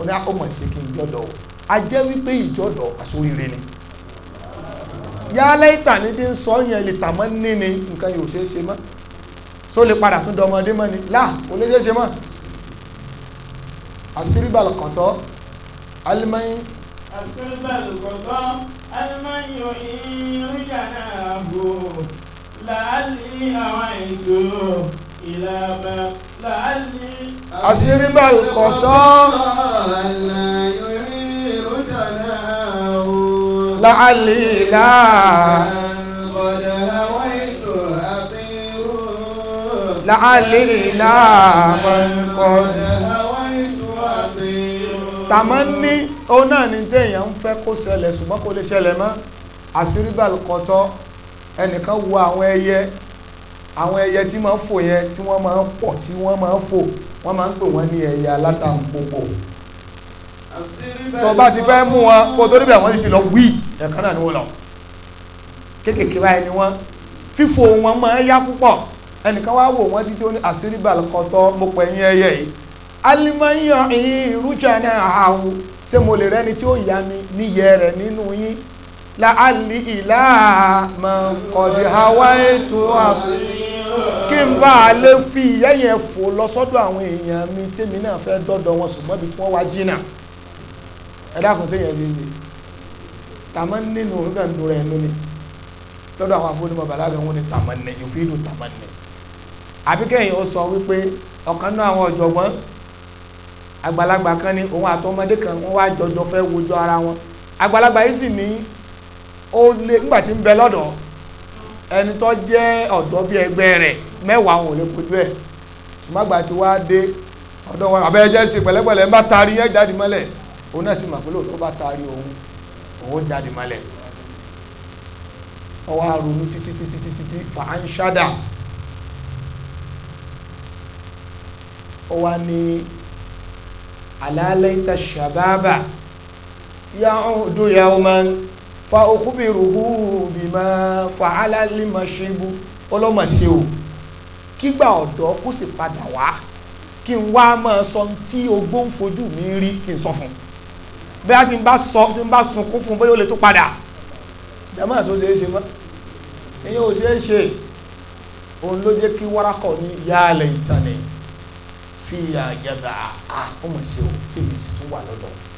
ó ní ó mọ̀ sí kí n jọ́dọ̀ a jẹ́ wípé ìjọ́dọ̀ àsoríire ni yálẹ́ ìtàní tí ń sọ yẹn lè tàmọ́ níní nǹkan yóò ṣeé ṣe mọ́ só lè padà tún dọmọdé mọ́ ni láà ó lè ṣeé ṣe mọ́ àṣírígbàlù kọ̀tọ́ alimẹ́yìn àṣírígbàlù kọ̀tọ́ alimẹ́yìn yóò yí rújà náà bò láàlì àwọn ètò ìlàbà láàlì. àṣírí báyìí kò tán. láàlì láà. láàlì láà. tàmánì òun náà ni téèyàn ń fẹ́ kó ṣẹlẹ̀ ṣùgbọ́n kò lè ṣẹlẹ̀ mọ́ àṣírí báyìí kò tán ẹnìkan wo àwọn ẹyẹ àwọn ẹyẹ tí máa ń fò yẹn tí wọ́n máa ń pọ̀ tí wọ́n máa ń fò wọ́n máa ń pè wọ́n ní ẹyẹ alátaǹpòpò tó bá ti fẹ́ mú wọn kó tó débẹ̀ wọ́n ti lọ wí ẹ̀kan náà ni wọ́n lọ kéékèèké báyìí ni wọ́n fífò wọn máa ń yá púpọ̀ ẹnìkan wá wò wọ́n títí ó ní àṣírí bàlùkọ́tọ́ mo pẹ̀ yín ẹyẹ yìí alimayan ìrújà náà àwò ṣé mo lè rẹ́ni tí ó yá mi níyẹ rẹ̀ nínú yín láàlì ìlà mọ̀ kọ̀dì hawaii tó àpò kí n bá a lè fi ìyẹ́ yẹn fò lọ sọ́dọ̀ àwọn èèyàn mi tèmi náà fẹ́ dọ́dọ̀ wọn ṣùgbọ́n bí wọ́n wá jìnnà ẹ sí yẹn léyìn tàmá nínú orígbà ń dúró ni lọ́dọ̀ àwọn afúnimọ̀ bàlágà wọn ni tàmá nẹ yóò fi ìlú tàmá nẹ àbí kẹ́yìn ó sọ wípé ọ̀kan náà àwọn ọ̀jọ̀gbọ́n àgbàlagbà kan ni òun àtọmọdé kan wọ́n ó lé ńgbà ń bẹ lọ́dọ̀ ẹni tó jẹ́ ọ̀dọ́ bí ẹgbẹ́ rẹ̀ mẹ́wàá òun ò lè kojú ẹ̀ wá dé wọn àbẹ́ ẹjẹ́ pẹ̀lẹ́pẹ̀lẹ́ taari jáde mọ́lẹ̀ òun náà sì mà taari òun òun jáde mọ́lẹ̀ ọwọ́ títí títí títí tí fà á ń ó wá ní alálẹ́ yá ọdún fa ukhbiruhu bima fa'ala al-mashib ọlọ́mọ̀ṣe o kígbà ọ̀dọ́ kó sì padà wá kí n wá máa sọ tí ogbó ń fojú mi rí kí n sọ fún un bí a ti ń bá sọ tí ń bá sunkún fún bóyá ó lè tó padà dàmọ́ àti ó ṣe mọ́ èyí ò ṣe òun ló jẹ́ kí wárakọ̀ ní yálẹ̀ ìtànì fi àjàdà àkọ́mọ̀ṣe ah, o tí mi sì tún wà lọ́dọ̀ọ́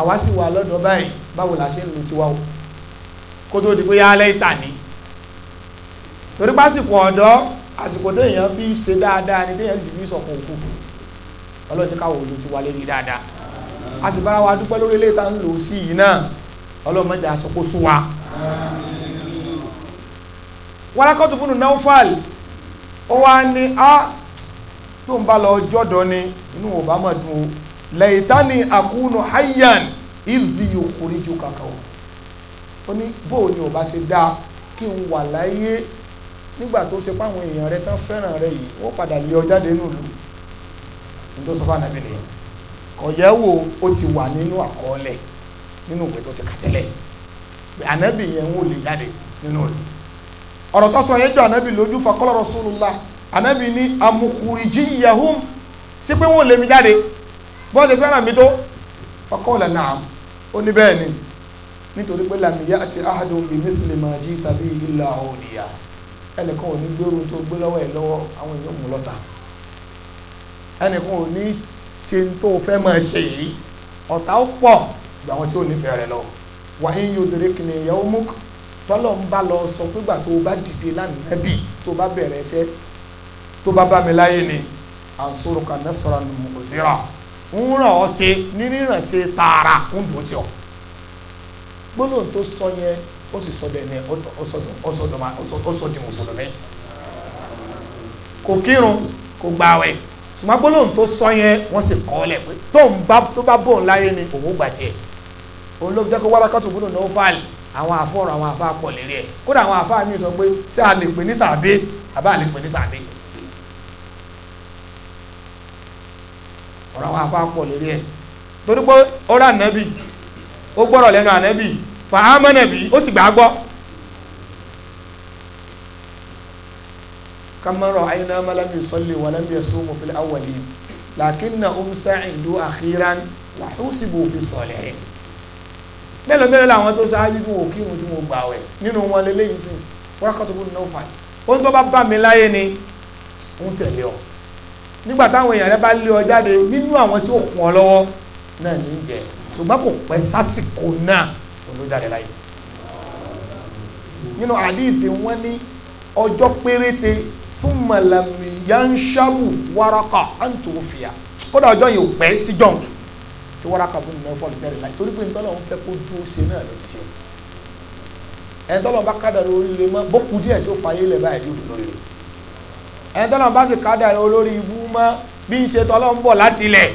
àwa sì wà lọ́dọ̀ báyìí báwo la ṣe ń lu tiwa o kó tó di pé yálẹ́ ìta ni torí pásìkò ọ̀dọ́ àsìkò téèyàn fi ṣe dáadáa ni téèyàn sì fi sọ̀kò òkú ọlọ́run ká wò lu tiwa lérí dáadáa a sì bára wa dúpẹ́ lórí ilé ìta ń lò sí yìí náà ọlọ́run àsọkó sún wa wárákọ́tù fún Naufal ó wá ní á tó ń bá lọ jọ́dọ̀ ni inú ò bá mọ̀ dùn o laitani akunu hayyan izi yòkúríjú kankan ó ní bóò ni ò bá ṣe dáa kí n wà láyé nígbà tó ṣe páwọn èèyàn rẹ tán fẹ́ràn rẹ yìí wọ́n padà lé ọ jáde nínú ìlú ní tó sọ fún ànábì nìyẹn kọ̀yẹ́ wo ó ti wà nínú àkọọ́lẹ̀ nínú ìwé tó ti kà tẹ́lẹ̀ ànábì yẹn ń wò lè jáde nínú ìlú ọ̀rọ̀ tó sọ yẹn jọ ànábì lójú faqala rasulullah ànábì ní amukurijiyahum sí pé wọ́n lè mi jáde bọ́ọ̀ ti fẹ́ràn mi tó ọkọ̀ ọ̀là náà ó ní bẹ́ẹ̀ ni nítorí pé làmìyá àti ahadun bíi mẹ́tìlẹ̀ máa jí tàbí ìlà òníyà ẹnìkan ò ní gbérù tó gbé lọ́wọ́ ẹ̀ lọ́wọ́ àwọn èèyàn mú lọ́ta ẹnìkan ò ní ṣe tó fẹ́ máa ṣe yìí ọ̀tá ó pọ̀ gbà wọn tí ò nífẹ̀ẹ́ rẹ̀ lọ wà ń yóò dèrè kìnìún ìyàwó mú tọ́lọ̀ ń bá lọ sọ pígbà tó bá dìde lánàá tó bá bẹ̀rẹ̀ iṣẹ́ tó bá bá mi láyé ni àǹsọ̀rọ̀ kan náà sọ̀rọ̀ nù mọ̀ọ́síra ń ràn ọ́ ṣe ní ríràn ṣe tààrà ń dùn tí ọ gbólóhùn tó sọ yẹn ó sì sọ dẹ̀ ní ọsọdì mùsùlùmí kò kírun kò gbàwẹ̀ ṣùgbọ́n gbólóhùn tó sọ yẹn wọ́n sì kọ́ ọ́lẹ̀ pé tó ń bá tó bá bò ń láyé ni òun gbà tiẹ̀ òun ló jẹ́ kó wára kátó gbólóhùn náà báàlì àwọn àfọ̀rọ̀ àwọn àfọ̀ àpọ̀ lérí ẹ̀ kódà àwọn àfọ̀ àmì sọ pé ṣé a lè pè ní sàbẹ̀ àbá a lè pè ní sàbẹ̀ ọ̀rọ̀ àwọn apá pọ̀ lórí ẹ̀ torí pé ó rà nẹ́bì ó gbọ́rọ̀ lẹ́nu ànẹ́bì fàámọ́ nẹ́bì ó sì gbà á gbọ́. kamaro aina malami sọlẹ walami yasumu fil awali lakinna umsa indu akhiran la husibu fi sọlẹ mélòó mélòó làwọn tó ṣáájú tí wọn tí wọn ò gbààwẹ̀ nínú wọn lélẹyìn sí wọn kọtùkù náà fà ó ń tọ́ bá bá mi láyé ni ń tẹ̀lé ọ nígbà táwọn èèyàn rẹ bá lé ọ jáde nínú àwọn tí ó kún ọ lọ́wọ́ náà ní jẹ ṣùgbọ́n kò pẹ́ sásìkò náà olójáde láyé nínú àdíìtì wọ́n ní ọjọ́ péréte fún mọ̀lẹ́mì yanṣẹ́bù wárọ́kà àǹtòfìà kódà ọjọ́ yìí ò pẹ́ sí jọ̀ǹ tí wárọ́kà fún mi fọ́ọ̀lù bẹ̀rẹ̀ láyé torí pé nítorí àwọn fẹ́ kó dúró ṣe náà lọ ṣiṣẹ́ ẹ̀ńtọ́lọ́ bá kádàrú oríire mọ́ bó kú díẹ̀ tó fàyè lẹ̀ báyìí yóò dùn lórí ẹni tọ́lọ́n bá sì kádàrá olórí ibú mọ́ bí ń ṣe tọ́lọ́n bọ̀ láti ilẹ̀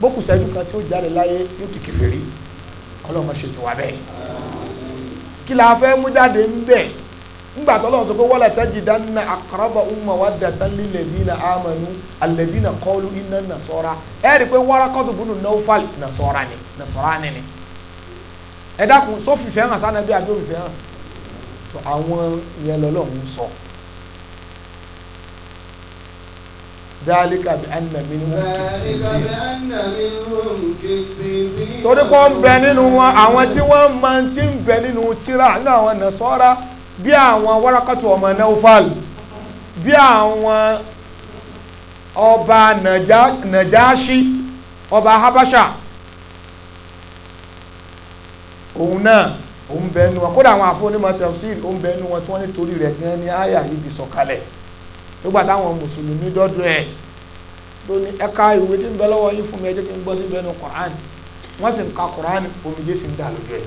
bókù sẹ́jú kan tí ó jáde láyé yóò ti kèfèrí ọlọ́mọ ṣètò wa bẹ́ẹ̀ kí la fẹ́ mú jáde ń bẹ̀ ńgbà tọ́lọ́n sọ pé wala tajidanna aqrabahum mawaddatan na amanu alladhina qalu inna nasara ẹ̀ rí pé Warakatu bunu Nawfal nasara ni ni ni dákun hàn dálíkà bí anna minhum kìsìsì torí kọ́ ń bẹ nínú wọn àwọn tí wọ́n máa ń ti ń bẹ nínú tíra nínú àwọn nàṣọ́ra bí àwọn wárakàtù ọmọ Naufal bí àwọn ọba Najashi ọba Habasha òun náà òun bẹ nínú wọn kódà àwọn àfọ́nímọ̀ tafsir òun bẹ nínú wọn tí wọ́n nítorí rẹ̀ gan ni àyà yìí bí sọ̀kalẹ̀ nígbà táwọn mùsùlùmí dọ́dọ̀ ẹ̀ lóní ẹ̀ka ìwé tí ń bẹ lọ́wọ́ yín fún mi ẹ jẹ́ kí n gbọ́ sí bẹ́ẹ̀ nu Kùránì wọ́n sì ń ka Kùránì omijé sì ń dà lójú ẹ̀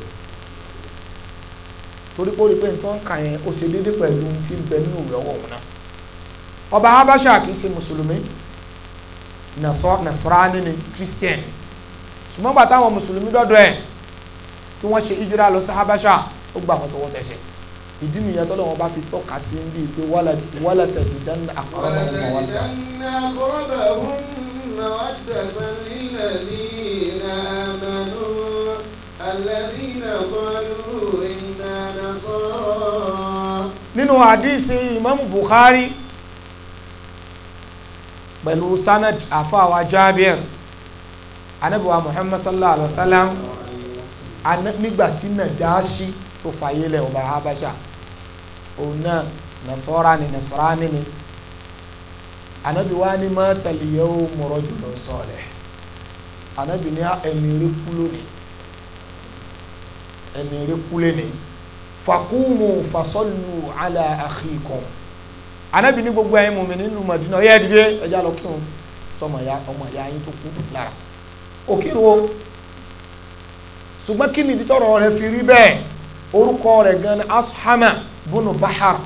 torí pé ó rí pé nǹkan kà yẹn ó ṣe déédéé pẹ̀lú ohun tí ń bẹ nínú ìwé ọwọ́ òun náà ọba Habasha kì í ṣe mùsùlùmí nasarani ni christian ṣùgbọ́n bàtà àwọn mùsùlùmí dọ́dọ̀ ẹ̀ tí wọ́n ṣe ìjírà lọ sí Habasha ó gbà wọn tọwọ́ tẹsẹ̀ ìdí nìyẹn tó lọ́wọ́ bá fi tọ́ka sí ń bí i pé wala tajidanna aqrabahum mawaddatan lilladhina amanu alladhina qalu inna nasara. nínú àdìsí imam Bukhari pẹ̀lú sanad àfàwà Jabir anabiwa Muhammad sallallahu alaihi wa sallam nígbà tí Najashi tó fàyè lẹ̀ ọba Habasha òun náà nasọ́ra ni nasọ́ra ni ni anabi wa ni máa tẹ̀lé yẹ o mọ̀rọ̀ jùlọ sọ̀rẹ̀ anabi ni ẹni rí kúló ni ẹni rí kúlé ni fakumu fasọ́lù ala akhikum anabi ni gbogbo ẹ̀yin mùmí nínú Madina ọ̀yẹ́ ẹ̀dìdẹ́ ẹ̀já lọ kírun sọmọ ya ọmọ ya yín tó kú lára òkìrò ṣùgbọ́n kí ni ìdítọ̀rọ̀ rẹ̀ fi rí bẹ́ẹ̀ gan ashama bùnú bahar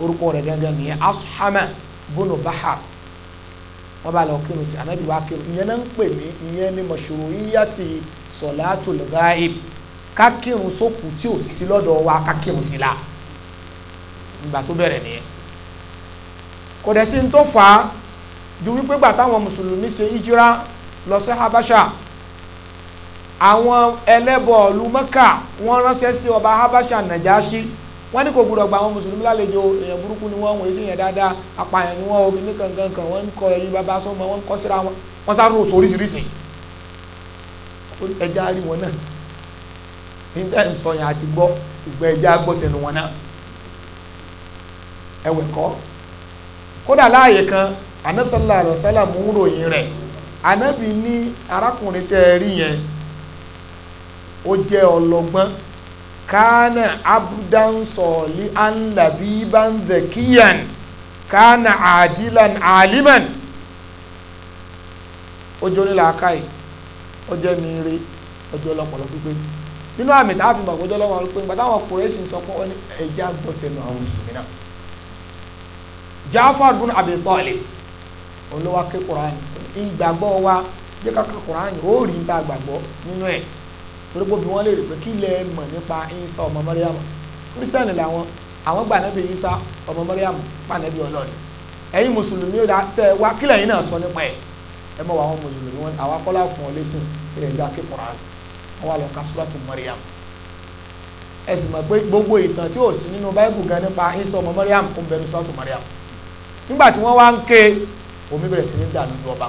orúkọ rẹ̀ gangan nìyẹn ashama bùnú bahar wọ́n bá lọ kírun sí anabi wa kírun ìyẹn náà ń pè ní ìyẹn ní mọ̀ṣúrù yíyá ti sọ̀láàtul ghaib ká kírun sókù tí ò sí lọ́dọ̀ wa ká sí la ìgbà tó bẹ̀rẹ̀ nìyẹn kò dẹ̀ sí ní tó fà á ju wípé gbà táwọn mùsùlùmí ṣe ìjírá lọ sí habasha àwọn ẹlẹ́bọ̀ ọ̀lú mẹ́kà wọ́n ránṣẹ́ sí ọba habasha nàjáṣí wọ́n ní kò gbúdọ̀ gba àwọn mùsùlùmí lálejò èèyàn burúkú ni wọ́n wọ̀nyí sí yẹn dáadáa apààyàn ni wọ́n omi ní kankankan wọ́n ń kọ ẹyin bàbá sọ́mọ wọ́n ń kọ́ síra wọn wọ́n sáré òṣò oríṣiríṣi ẹja rí wọn náà ní tẹ́ ń sọ yẹn àti gbọ́ ìgbẹ́ ẹja gbọ́ tẹnu wọn náà ẹwẹ̀ kọ́ kódà láàyè kan Ànábì sallallahu alaihi wasallam rẹ̀ Ànábì ní arákùnrin tẹ́ rí yẹn ó jẹ́ ọlọ́gbọ́n kana abdan sọ̀lí anlabiban zakiyan kana adilan aliman ojú onílàákàyè ọjọ́ ẹni ire ọjọ́ ọlọ́pọ̀lọ́ pípé nínú àmì tá a fi gbàgbọ́jọ́ lọ́wọ́ wọn pé nígbà táwọn ọkùnrin sì ń sọ fún ọ ní ẹja gbọ́tẹ̀nu àwọn mùsùlùmí náà Jafar bin Abi Talib olówó akékùnrin ìgbàgbọ́ wa jẹ́ ká kékùnrin ó rí níta gbàgbọ́ nínú ẹ̀ torí gbogbo wọn lè rí pé kí lẹ mọ̀ nípa Ìsá ọmọ Màríàmù kírísítẹ́nì làwọn àwọn gbà nábì Ìsá ọmọ Màríàmù pànẹ́bí ọlọ́ọ̀ni ẹ̀yin mùsùlùmí ó tẹ wá kí lẹ́yìn náà sọ nípa ẹ̀ ẹ mọ̀ wà àwọn mùsùlùmí wọn àwọn akọ́lá fún ọ lẹ́sìn ilẹ̀ ìdá kíkọ̀rọ̀ àwọn wà lọ ka Suratu Maryam ẹ sì mọ̀ pé gbogbo ìtàn tí ò sí nínú báíbù gan nípa Ìsá ọmọ Maryam kò ń bẹnu Suratu Maryam nígbà tí wọ́n wá ń ké omi bẹ̀rẹ̀ sí ní dà lójú ọba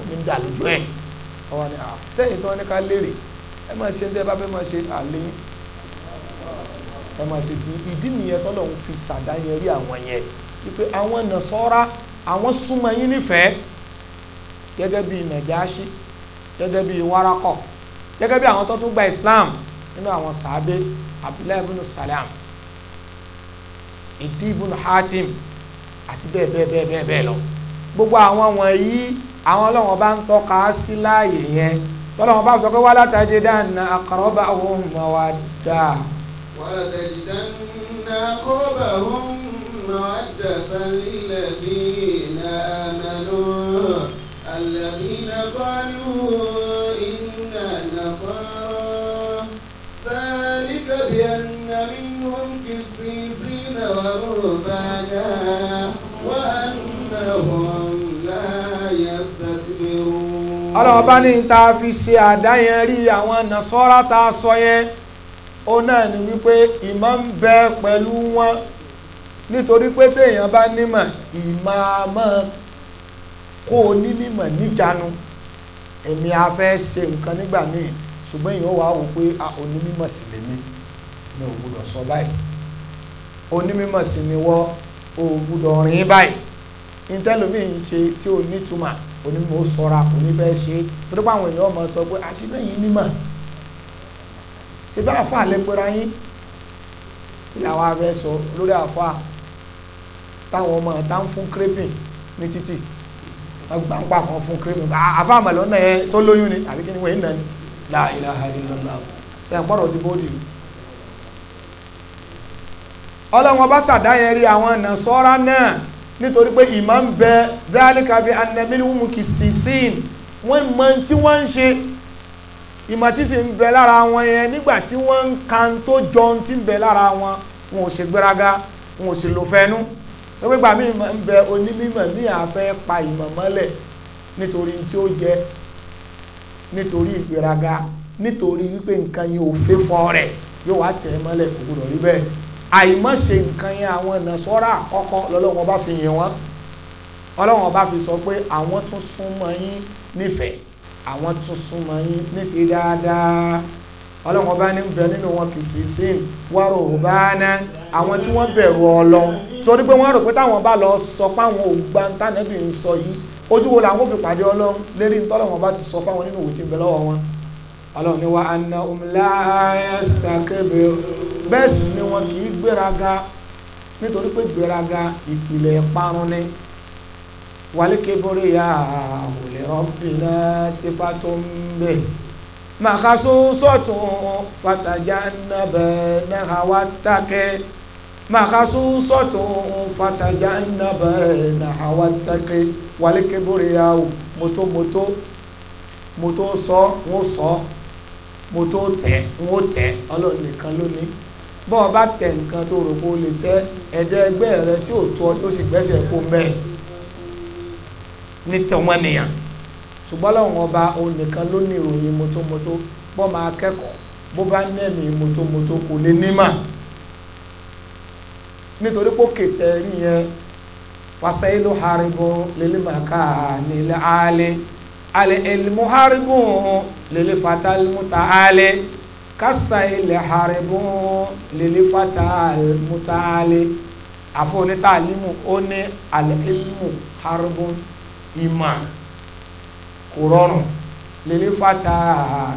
omi ń dà lójú ẹ̀ ọwọ́ ni sẹ́yìn tí wọ́n ní ká lérè ẹ máa ṣe tẹ́ bá fẹ́ máa ṣe àlẹ́ ẹ máa ṣe ti ìdí nìyẹn tọ́lọ̀ ń fi ṣàdáyẹrí àwọn yẹn wípé àwọn nàṣọ́ra àwọn súnmọ́ yín nífẹ̀ẹ́ gẹ́gẹ́ bí nàjáṣí gẹ́gẹ́ bí wárakọ̀ gẹ́gẹ́ bí àwọn tó tún gba Islam nínú àwọn sàábé Abdullahi Salam ìdí ibn Hatim àti bẹ́ẹ̀ bẹ́ẹ̀ bẹ́ẹ̀ bẹ́ẹ̀ lọ gbogbo àwọn wọ̀nyí àwọn ọlọ́wọ́n bá ń tọ́ka sí láàyè yẹn طلعوا بعض سوق ولا تجدن أقربهم مودة ولا تجدن أقربهم مودة فللذين آمنوا الذين قالوا إنا نصارى ذلك بأن منهم قسيسين ورهبانا وأنهم ọlọ́ọ̀bá ní ta fi ṣe àdáyẹnrí àwọn nàṣọ́rá ta sọ yẹn ó náà ni wípé ìmọ̀ ń bẹ pẹ̀lú wọn nítorí pé téèyàn bá nímọ̀ ìmọ̀ àmọ́ kó o ní mímọ̀ níjanu èmi a fẹ́ ṣe nǹkan nígbà míì ṣùgbọ́n èèyàn wà wò pé a ah, ò ní mímọ̀ sí lèmi mi ò sọ báyìí onímọ̀ sí ni wọ́ ò rìn báyìí ní tẹ́lómi ń ṣe tí ò nítumọ̀ onímọ̀ ó sọ́ra kò ní fẹ́ ṣe torí pé àwọn èèyàn mọ̀ sọ pé àṣìlẹ̀ yìí nímọ̀ ṣe bá àfa àlẹ́pẹ̀rẹ̀ yín kí làwọn afẹ́ sọ lórí àfa táwọn ọmọ ta ń fún crepin ní títì ọgbà ń pa kan fún crepin àfa àmàlọ́ náà ẹ sọ ni àbí kí ni wọ́n ń nà ní la ilaha illallah ṣe àpọ̀rọ̀ ti bóòdì ọlọ́wọ́n bá sàdáyẹrí àwọn nàṣọ́ra náà nítorí pé ìmá ń bẹ dáálíkà bí anamílùmù kì sí sí wọ́n mọ tí wọ́n ń ṣe ìmọ̀ tí sì ń bẹ lára wọn yẹn nígbà tí wọ́n ń kan tó jọ ohun tí ń bẹ lára wọn wọn ò ṣe gbéraga wọn ò sì lò fẹnu wípé gbà mí ń bẹ onímọ̀ ní àfẹ́ pa ìmọ̀ mọ́lẹ̀ nítorí tí ó jẹ nítorí ìgbéraga nítorí wípé nǹkan yìí ò fẹ́ fọ́ rẹ̀ yóò wá tẹ̀ mọ́lẹ̀ kò rí bẹ́ẹ̀ àìmọ̀ṣe nǹkan yẹn àwọn ọ̀nà sọ́ra àkọ́kọ́ lọ́lọ́wọ́n bá fi yìn wọ́n ọlọ́wọ́n bá fi sọ pé àwọn tún súnmọ́ yín nífẹ̀ẹ́ àwọn tún súnmọ́ yín ní ti dáadáa ọlọ́wọ́n bá ní bẹ nínú wọn kì í sì sí wárò bá ná àwọn tí wọ́n bẹ̀rù Ọlọ́run torí pé wọ́n rò pé táwọn bá lọ sọ páwọn ògbà tánẹ́bì ń sọ yìí ojú wo làwọn fi pàdé Ọlọ́run lérí ntọ́lọ́wọ́n bá ti sọ fáwọn nínú òwò tí ń bẹ lọ́wọ́ wọn ọlọ́run ni wa anna umla ayastakebe bẹ́ẹ̀ sì ni wọn kì í gbéraga nítorí pé gbéraga ìpìlẹ̀ parun ni walikebore ya àwòlẹ rọpìnà sípàtó ń bẹ màkàsó sọtún pàtàjà nàbẹ náà wà dákẹ́ màkàsó sọtún pàtàjà nàbẹ náà wà dákẹ́ walikebore ya mọtòmọtò mọtò sọ wọn sọ. So, mo tó tẹ̀ n ó tẹ̀ ọlọ́run nìkan ló ní bọ́ ọ bá tẹ̀ nǹkan tó rò pé o lè tẹ́ ẹ̀dẹ́ ẹgbẹ́ rẹ tí ò tó ọdún sì gbẹ́sẹ̀ kó mẹ́ẹ̀ ní tọ́mọ́ nìyàn ṣùgbọ́n lọ́run ọba òun nìkan ló ní ìròyìn mọ́tòmọ́tò bọ́ máa kẹ́kọ̀ọ́ bó bá nẹ́ẹ̀mí mọ́tòmọ́tò kò lè nímà nítorí pé kètè rí yẹn wàṣẹ́ ìlú haribo lè màkà nílẹ̀ áálẹ́ al-muharibun lil fatal mutaali kasa ilẹ̀ haribun lil fatal mutaali àfọwọ́ni tá a limu ó ní al-ilmu haribun ìmọ̀ kò rọrùn lil fatal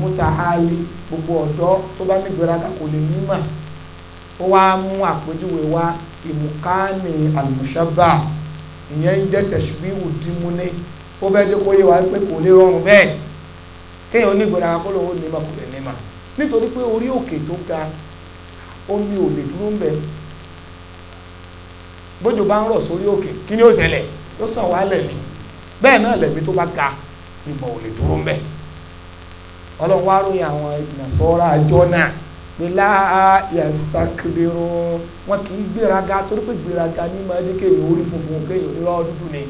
mutaali gbogbo ọ̀dọ́ tó bá ní gbéraga kò lè nímọ̀ ó wá mú àpèjúwe wá ìmùkánì al ìyẹn ń jẹ́ dìmú ní ó fẹ́ dé kóyé wa pé kò lè rọrùn bẹ́ẹ̀ kéèyàn onígbèrè àwọn akólówó ní ìmọ̀kùnrin ní ma nítorí pé orí òkè tó ga omi ò lè dúró ń bẹ bójú bá ń rọ̀ sórí òkè kí ni ó ṣẹlẹ̀ ó sàn wá lẹ̀mí bẹ́ẹ̀ náà lẹ̀mí tó bá ga ìmọ̀ ò lè dúró ń bẹ ọlọ́run wá ròyìn àwọn ìnàsọ́ra àjọ náà pé láà yàtàkìlérò wọn kì í gbéraga torí pé gbéraga ní máa dé ni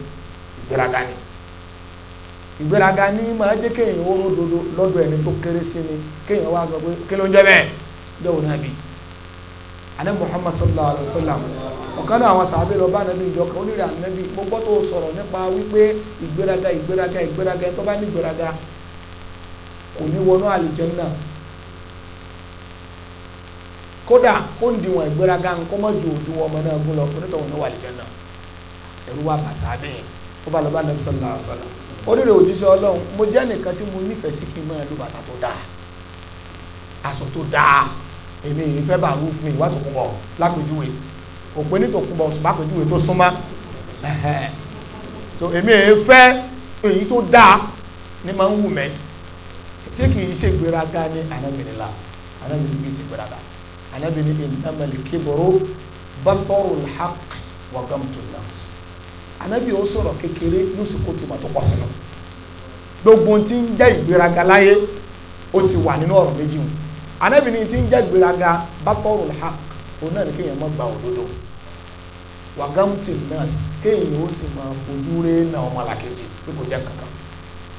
gbéraga ìgbéraga ní máa jẹ́ kéèyàn ó ródodo lọ́dọ̀ ẹni tó kéré sí ni kéèyàn wá sọ pé kí ló ń jẹ́ bẹ́ẹ̀ jọ̀wọ́ náà bì anabi muhammad sallallahu alayhi wa sallam ọ̀kan náà àwọn sàábẹ́ lọ bá anabi ìjọ kan onírè anabi mo gbọ́ tó sọ̀rọ̀ nípa wípé ìgbéraga ìgbéraga ìgbéraga tó bá ní ìgbéraga kò ní wọnú àlùjánnà kódà kó ń diwọ̀n ìgbéraga nǹkan mọ́ ju òdiwọ̀n ọmọ náà gún lọ kó nítorí wọn ní wà àlùjánnà ẹ̀rú wa bàṣà bẹ́ẹ̀ ó sallallahu alayhi wa onírè òjíṣẹ́ ọlọ́run mo jẹ́ nìkan tí mo nífẹ̀ẹ́ sí kí n máa lo bàtà tó dáa aṣọ tó dáa èmi yìí fẹ́ bá rú fún ìwà tó kún bọ̀ lápèjúwe òpin ní tó kún bọ̀ lápèjúwe tó súnmọ́ tó èmi yìí fẹ́ èyí tó dáa ni máa ń wù mẹ́ tí kì í ṣe gbéraga ní anábìnrin la anábìnrin kì í ṣe gbéraga anábìnrin innamal kibru batarul haqq wa gamtun nafs ànábì ó sọ̀rọ̀ kékeré yóò sì kó tuma tó pọ̀ sínú gbogbo tí ń jẹ́ ìgbéraga láyé ó ti wà nínú ọ̀rọ̀ méjì wọn ànábì ní tí ń jẹ́ ìgbéraga batarul haq òun náà ní kéèyàn mọ́ gba òdodo wàgámùtì náà kéèyàn ó sì máa fojú ré na ọmọ làkejì pé kò jẹ́ kankan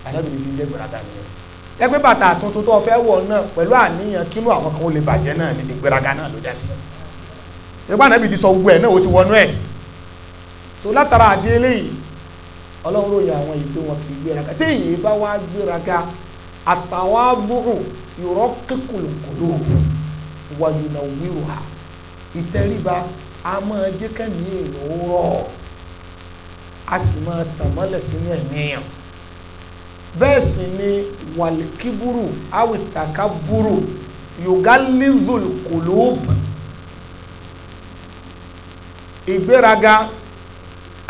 ànábì ní tí ń jẹ́ ìgbéraga nìyẹn ẹgbẹ́ bàtà tuntun tó fẹ́ wọ̀ náà pẹ̀lú àníyàn kínú àwọn kan ó lè bàjẹ́ náà ní ìgbéraga náà ló já ẹgbẹ́ ànábì ti sọ gbogbo ẹ̀ náà ó ti wọnú ẹ̀ tó látara àdé eléyìí ọlọ́run ròyìn àwọn èyí pé wọn kì í gbéraga téèyàn bá wá gbéraga àtàwábùrù yuraqqiqul qulub wa yunawwiruha ìtẹríba a máa jẹ́ kẹ́mi èèyàn rọ̀ a sì máa tàn mọ́lẹ̀ sínú ẹ̀mí èèyàn bẹ́ẹ̀ sì ni wàlíkíbúrú awìtàkàbúrú yugalizul qulub ìgbéraga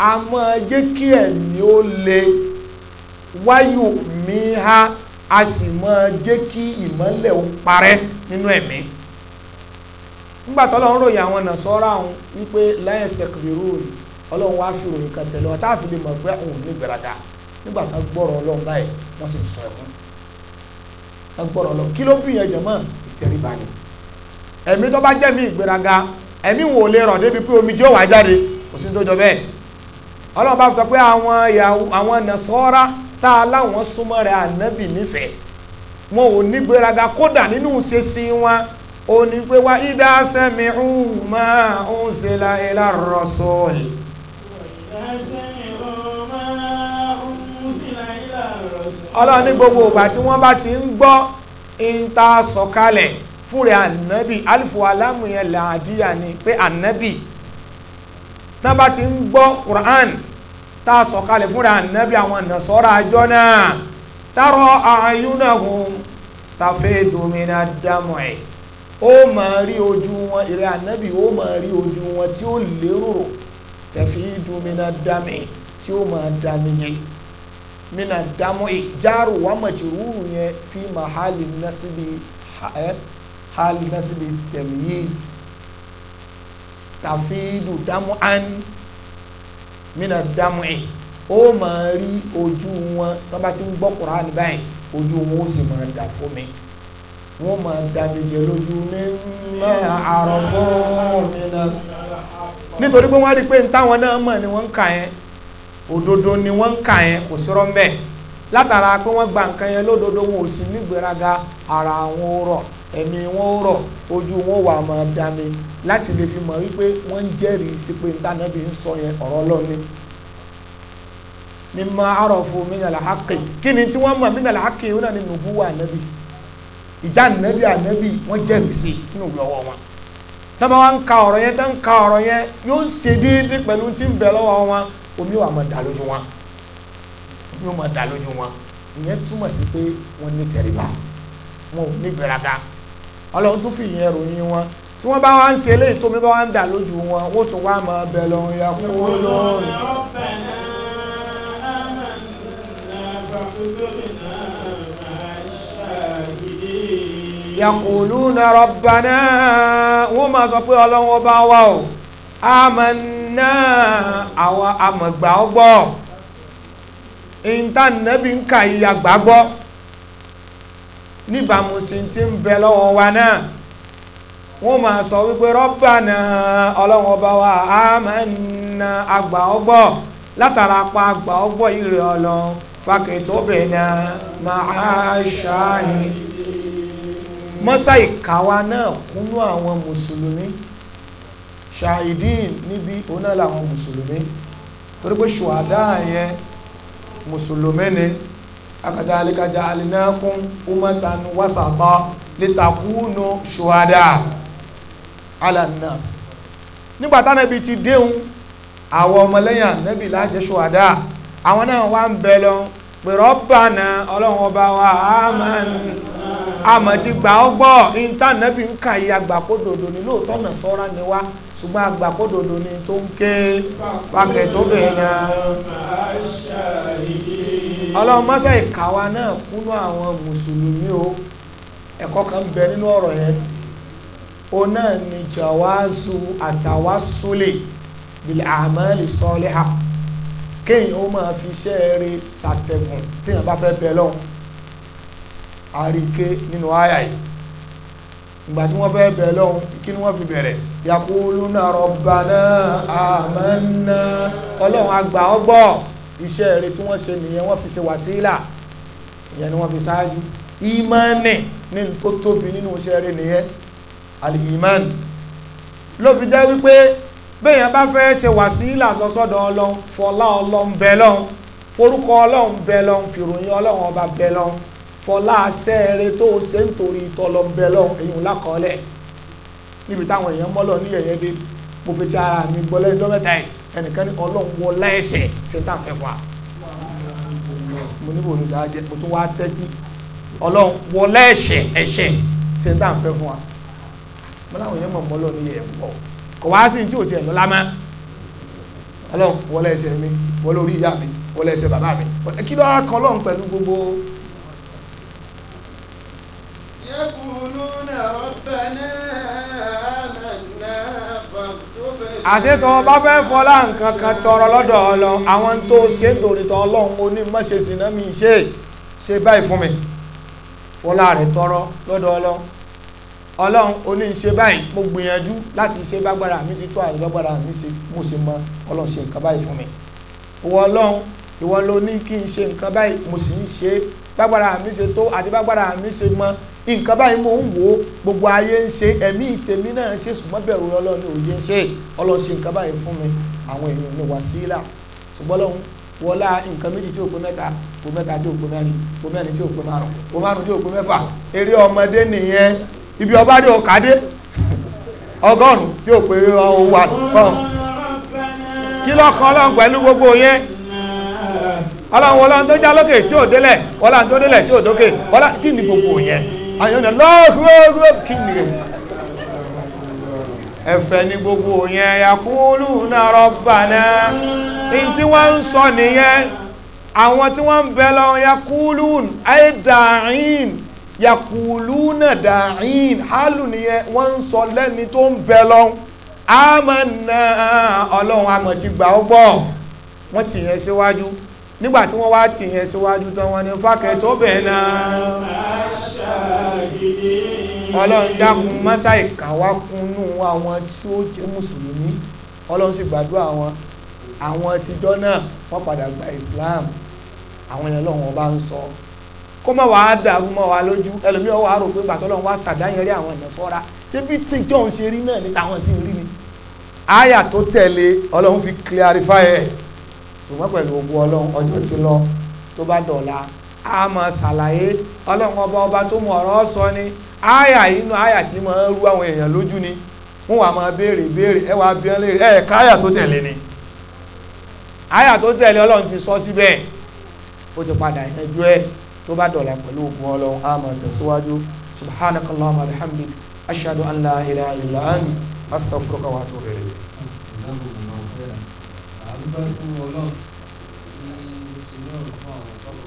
a máa jẹ́ kí ẹ̀mí ó le ha a sì máa jẹ́ kí ìmọ́lẹ̀ ó parẹ́ nínú ẹ̀mí nígbà tí ròyìn àwọn Ọlọ́run wá fi ròyìn kan tẹ̀lé wọn táà lè mọ̀ pé òun ní gbẹ̀rẹ̀dà nígbà tá gbọ́rọ̀ Ọlọ́run báyìí wọ́n sì sọ ẹ̀kún tá gbọ́rọ̀ Ọlọ́run kí ló mọ́ ni ẹ̀mí tó bá jẹ́ mi ẹ̀mí wò lè rọ̀ débi omi jẹ́ òwà jáde kò sí tó jọ bẹ́ẹ̀ ọlọ́run bá sọ pé àwọn ìyàwó àwọn nàṣọ́ra tá a láwọn súnmọ́ rẹ̀ ànábì nífẹ̀ẹ́ wọn ò ní gbéraga kódà nínú ìṣesí wọn ò ní pé wá ìdá sẹ́mi ń máa ń ṣe láìlá rọ̀ṣọ́ọ̀lì. ọlọ́run ní gbogbo ìgbà tí wọ́n bá ti ń gbọ́ ìta sọ̀kalẹ̀ fúnra ànábì alifu alámù yẹn ni pé ànábì náà bá ti ń gbọ́ Quran tá a sọ̀kalẹ̀ fúnra ànábì àwọn nàṣọ́ra àjọ náà tárọ̀ àyúnàhùn tàfẹ́ domina dámọ̀ ẹ̀ ó máa rí ojú wọn ìrẹ́ ànábì ó máa rí ojú wọn tí ó lérò tẹ̀fí domina dámẹ̀ tí ó máa dámi yẹn mina dámọ̀ ẹ̀ járò wà màjìrúurù yẹn fi màhálì násìbì tẹ̀míyìsì tafidu damu an mina damu ẹ̀ ó máa rí ojú wọn tó bá ti ń gbọ́ Kùránì báyìí ojú wọn ó sì máa dà fún mi wọ́n máa dà jẹjẹ lójú mímọ́ àrọ̀bọ́ mina nítorí pé wọ́n rí pé táwọn náà mọ̀ ni wọ́n ń kà yẹn òdodo ni wọ́n ń kà yẹn kò sọ̀rọ̀ mbẹ́ látara pé wọ́n gba nǹkan yẹn lódodo wọn ò sì nígbéraga ara wọn rọ̀ ẹ̀mí wọn ó rọ̀ ojú wọn ó wà mọ̀ dání láti lè fi mọ̀ wípé wọ́n ń jẹ́rìí sí pé ntànàbí ń sọ yẹn ọ̀rọ̀ ọlọ́ni mímọ àròfò mínàlá hákì kí ni tí wọ́n mọ̀ mínàlá hákì ó náà ni nùbúwà ànábì ìjà ànábì ànábì wọ́n jẹ́rìí sí nínú ìlọ́wọ́ wọn tọ́ba wa ń ka ọ̀rọ̀ yẹn tọ́ ń ka ọ̀rọ̀ yẹn yóò ṣe déédéé pẹ̀lú tí ń bẹ lọ́wọ́ wọn omi wà máa dà lójú wọn omi wà máa dà lójú wọn ìyẹn ọlọ́run tún fi ìyẹn ròyìn wọn tí wọ́n bá wá ń ṣe eléyìí tómi bá wá ń dà lójú wọn wọ́n tún wá mọ ọbẹ̀ lọ ya kú lórí. yaquluna rabbana wọ́n máa sọ pé ọlọ́run ọba wa o amanna àwọn amọ̀gbà ọgbọ́ ìntànẹ́bí ń kà ìyàgbà gbọ́ níbàámu sí ti ń bẹ lọ́wọ́ wa náà wọ́n máa sọ wípé Rabbana ọlọ́run ọba wa amanna àgbà ọgbọ́ látara pa àgbà ọgbọ́ ìrẹ̀ ọlọ́run fàkètò bẹ̀rẹ̀ máa ṣáàyè mọ́sá ìkàwà náà kúnnú àwọn mùsùlùmí ṣàìdín níbi oná làwọn mùsùlùmí torí pé ṣùhádà yẹn mùsùlùmí ni akadhalika ja'alnakum umatan wasata litakunu shuhada ala nnas nígbà tánàbí ti déhun àwọn ọmọlẹ́yìn ànábì lájẹ́ shuhada àwọn náà wá ń bẹ lọ pèrọ bànà ọlọ́run ọba wa amen àmọ́ ti gbà ọ́ gbọ́ intanẹ́bì ń kàyí àgbàkódòdò ní lóòótọ́ náà sọ́ra ni wá ṣùgbọ́n àgbàkódòdò ni tó ń ké pàkẹ́tọ́bẹ̀ẹ́yàn ọlọ́run mọ́sẹ̀ ìkàwà náà kúnú àwọn mùsùlùmí o ẹ̀kọ́ kan ń bẹ nínú ọ̀rọ̀ yẹn o náà ni jawazu àtàwásólè bìlẹ̀ àmọ́lì sọ́lẹ́hà kéèyàn ó máa fi iṣẹ́ eré ṣàtẹ̀gùn téèyàn bá fẹ́ bẹ lọ́hùn àríké nínú àyà yìí ìgbà tí wọ́n fẹ́ bẹ lọ́hùn kí ni wọ́n fi bẹ̀rẹ̀ yakuluna rabbana amanna ọlọ́run àgbà ọgbọ́n iṣẹ́ rere tí wọ́n ṣe nìyẹn wọ́n fi ṣe wàsílà ìyẹn ni wọ́n fi ṣáájú ìmánì ní tó tóbi nínú iṣẹ́ rere nìyẹn alìmánì ló fi jẹ́ wípé bẹ́ẹ̀yàn bá fẹ́ ṣe wàsílà lọ sọ́dọ̀ ọlọ́run fọlá ọlọ́run bẹ lọ́run forúkọ ọlọ́run bẹ lọ́run fìròyìn ọlọ́run ọba bẹ lọ́run fọlá sẹ́ẹ̀rẹ́ tó ṣe ń torí tọlọ́run bẹ lọ́run èyí ńlá kọ́lẹ̀ níbi táwọn èèyàn mọ́lọ̀ ní yẹ̀yẹ́ dé mo fi ti ara mi gbọ́lẹ́ ìjọ mẹ́ta yìí ẹnìkan ní ọlọ́run wọlá ẹ̀ṣẹ̀ ṣe tá à ń fẹ́ fà mo níbo ní sáájẹ mo tún wá tẹ́tí ọlọ́run wọlá ẹ̀ṣẹ̀ ẹ̀ṣẹ̀ ṣe tá à ń fẹ́ fún wa mo láwọn yẹn mọ̀ mọ́ lọ níyẹ̀ ń bọ̀ kò wá sí tí ò tiẹ̀ lọ́la mọ́ ọlọ́run wọlé ẹsẹ̀ mi wọlé orí ìyá mi wọlé ẹsẹ̀ bàbá mi kí ló kọ ọlọ́run pẹ̀lú gbogbo. yẹ́kùnún náà ọ̀bẹ àṣetọ̀ bá fẹ́ fọlá nǹkan kan tọrọ lọ́dọ̀ ọlọ àwọn tó ṣe ń tòrítọ̀ ọlọ́run mo ní mọ́ṣe sínú mi ṣe ṣe báyìí fún mi fọlá rẹ̀ tọrọ lọ́dọ̀ ọlọ ọlọ́run oní ṣe báyìí mo gbìyànjú láti ṣe bágbára mi ti tó àìbágbára mi ṣe mo ṣe mọ ọlọ́run ṣe nǹkan báyìí fún mi ìwọ ọlọ́run ìwọ ló ní kí n ṣe nǹkan báyìí mo sì ń ṣe bágbára mi ṣe tó àti bágbára mi ṣe mọ nǹkan báyìí mò ń wò ó gbogbo ayé ń ṣe ẹ̀mí ìtẹ̀mí náà ṣe ṣùgbọ́n bẹ̀rù ọlọ́run òye ń ṣe ọlọ́run ṣe nǹkan báyìí fún mi àwọn èèyàn ní wàsílà ṣùgbọ́n lọ́hún wọlá nǹkan méjì tí ó pé mẹ́ta kò mẹ́ta tí ó mẹ́rin kò mẹ́rin tí ó márùn kò márùn tí ó mẹ́fà eré ọmọdé nìyẹn ibi ọba dé ọ̀kadé ọgọ́rùn tí ó pé owó àtúkọ́ kí lọ́kọ́ ọlọ́run pẹ̀lú gbogbo yẹn ọlọ́run ọlọ́run tó já lókè tí ò délẹ̀ tó tí ò dókè ọlọ́run kí ni gbogbo yẹn àwọn ènìyàn kí ni ẹ̀fẹ̀ ni gbogbo yẹn yakúlù náà rọ́bàná ní tí wọ́n ń sọ nìyẹn àwọn tí wọ́n ń bẹ lọ yakúlù ayé yakúlù nígbà tí wọ́n wá tì yẹn síwájú tán wọn ni fákẹ́ tó bẹ̀ náà ọlọ́run dákun mọ́sá ìkàwá kúnnú àwọn tí ó jẹ́ mùsùlùmí ọlọ́run sì gbàdúrà wọn àwọn tijọ́ náà wọ́n padà gba Islam àwọn èèyàn lọ́wọ́n bá ń sọ kó mọ̀ wá dàrú mọ́ wa lójú ẹlòmíràn wà rò pé bàtọ́ lọ́wọ́ wá sàdáyẹrí àwọn ẹ̀nà sọ́ra ṣé bí tíjọ́ ń ṣe rí náà ní táwọn sì rí ni àyà tó tẹ̀lé ọlọ́run fi clarify ẹ̀. ṣùgbọ́n pẹ̀lú ogun ọlọ́run ọdún ti lọ tó bá dọ̀la a ṣàlàyé ọlọ́run ọba ọba tó sọ ni àyà inú àyà tí máa ń rú àwọn èèyàn ni wọ́n wa ma béèrè béèrè ẹ wàá bí ọ́n ẹ ká àyà tó tẹ̀lé ni àyà tó tẹ̀lé ọlọ́run ti sọ síbẹ̀ ó ti padà yanjú ẹ tó bá dọ̀la pẹ̀lú ogun ọlọ́run a tẹ̀síwájú wa bihamdik 我让。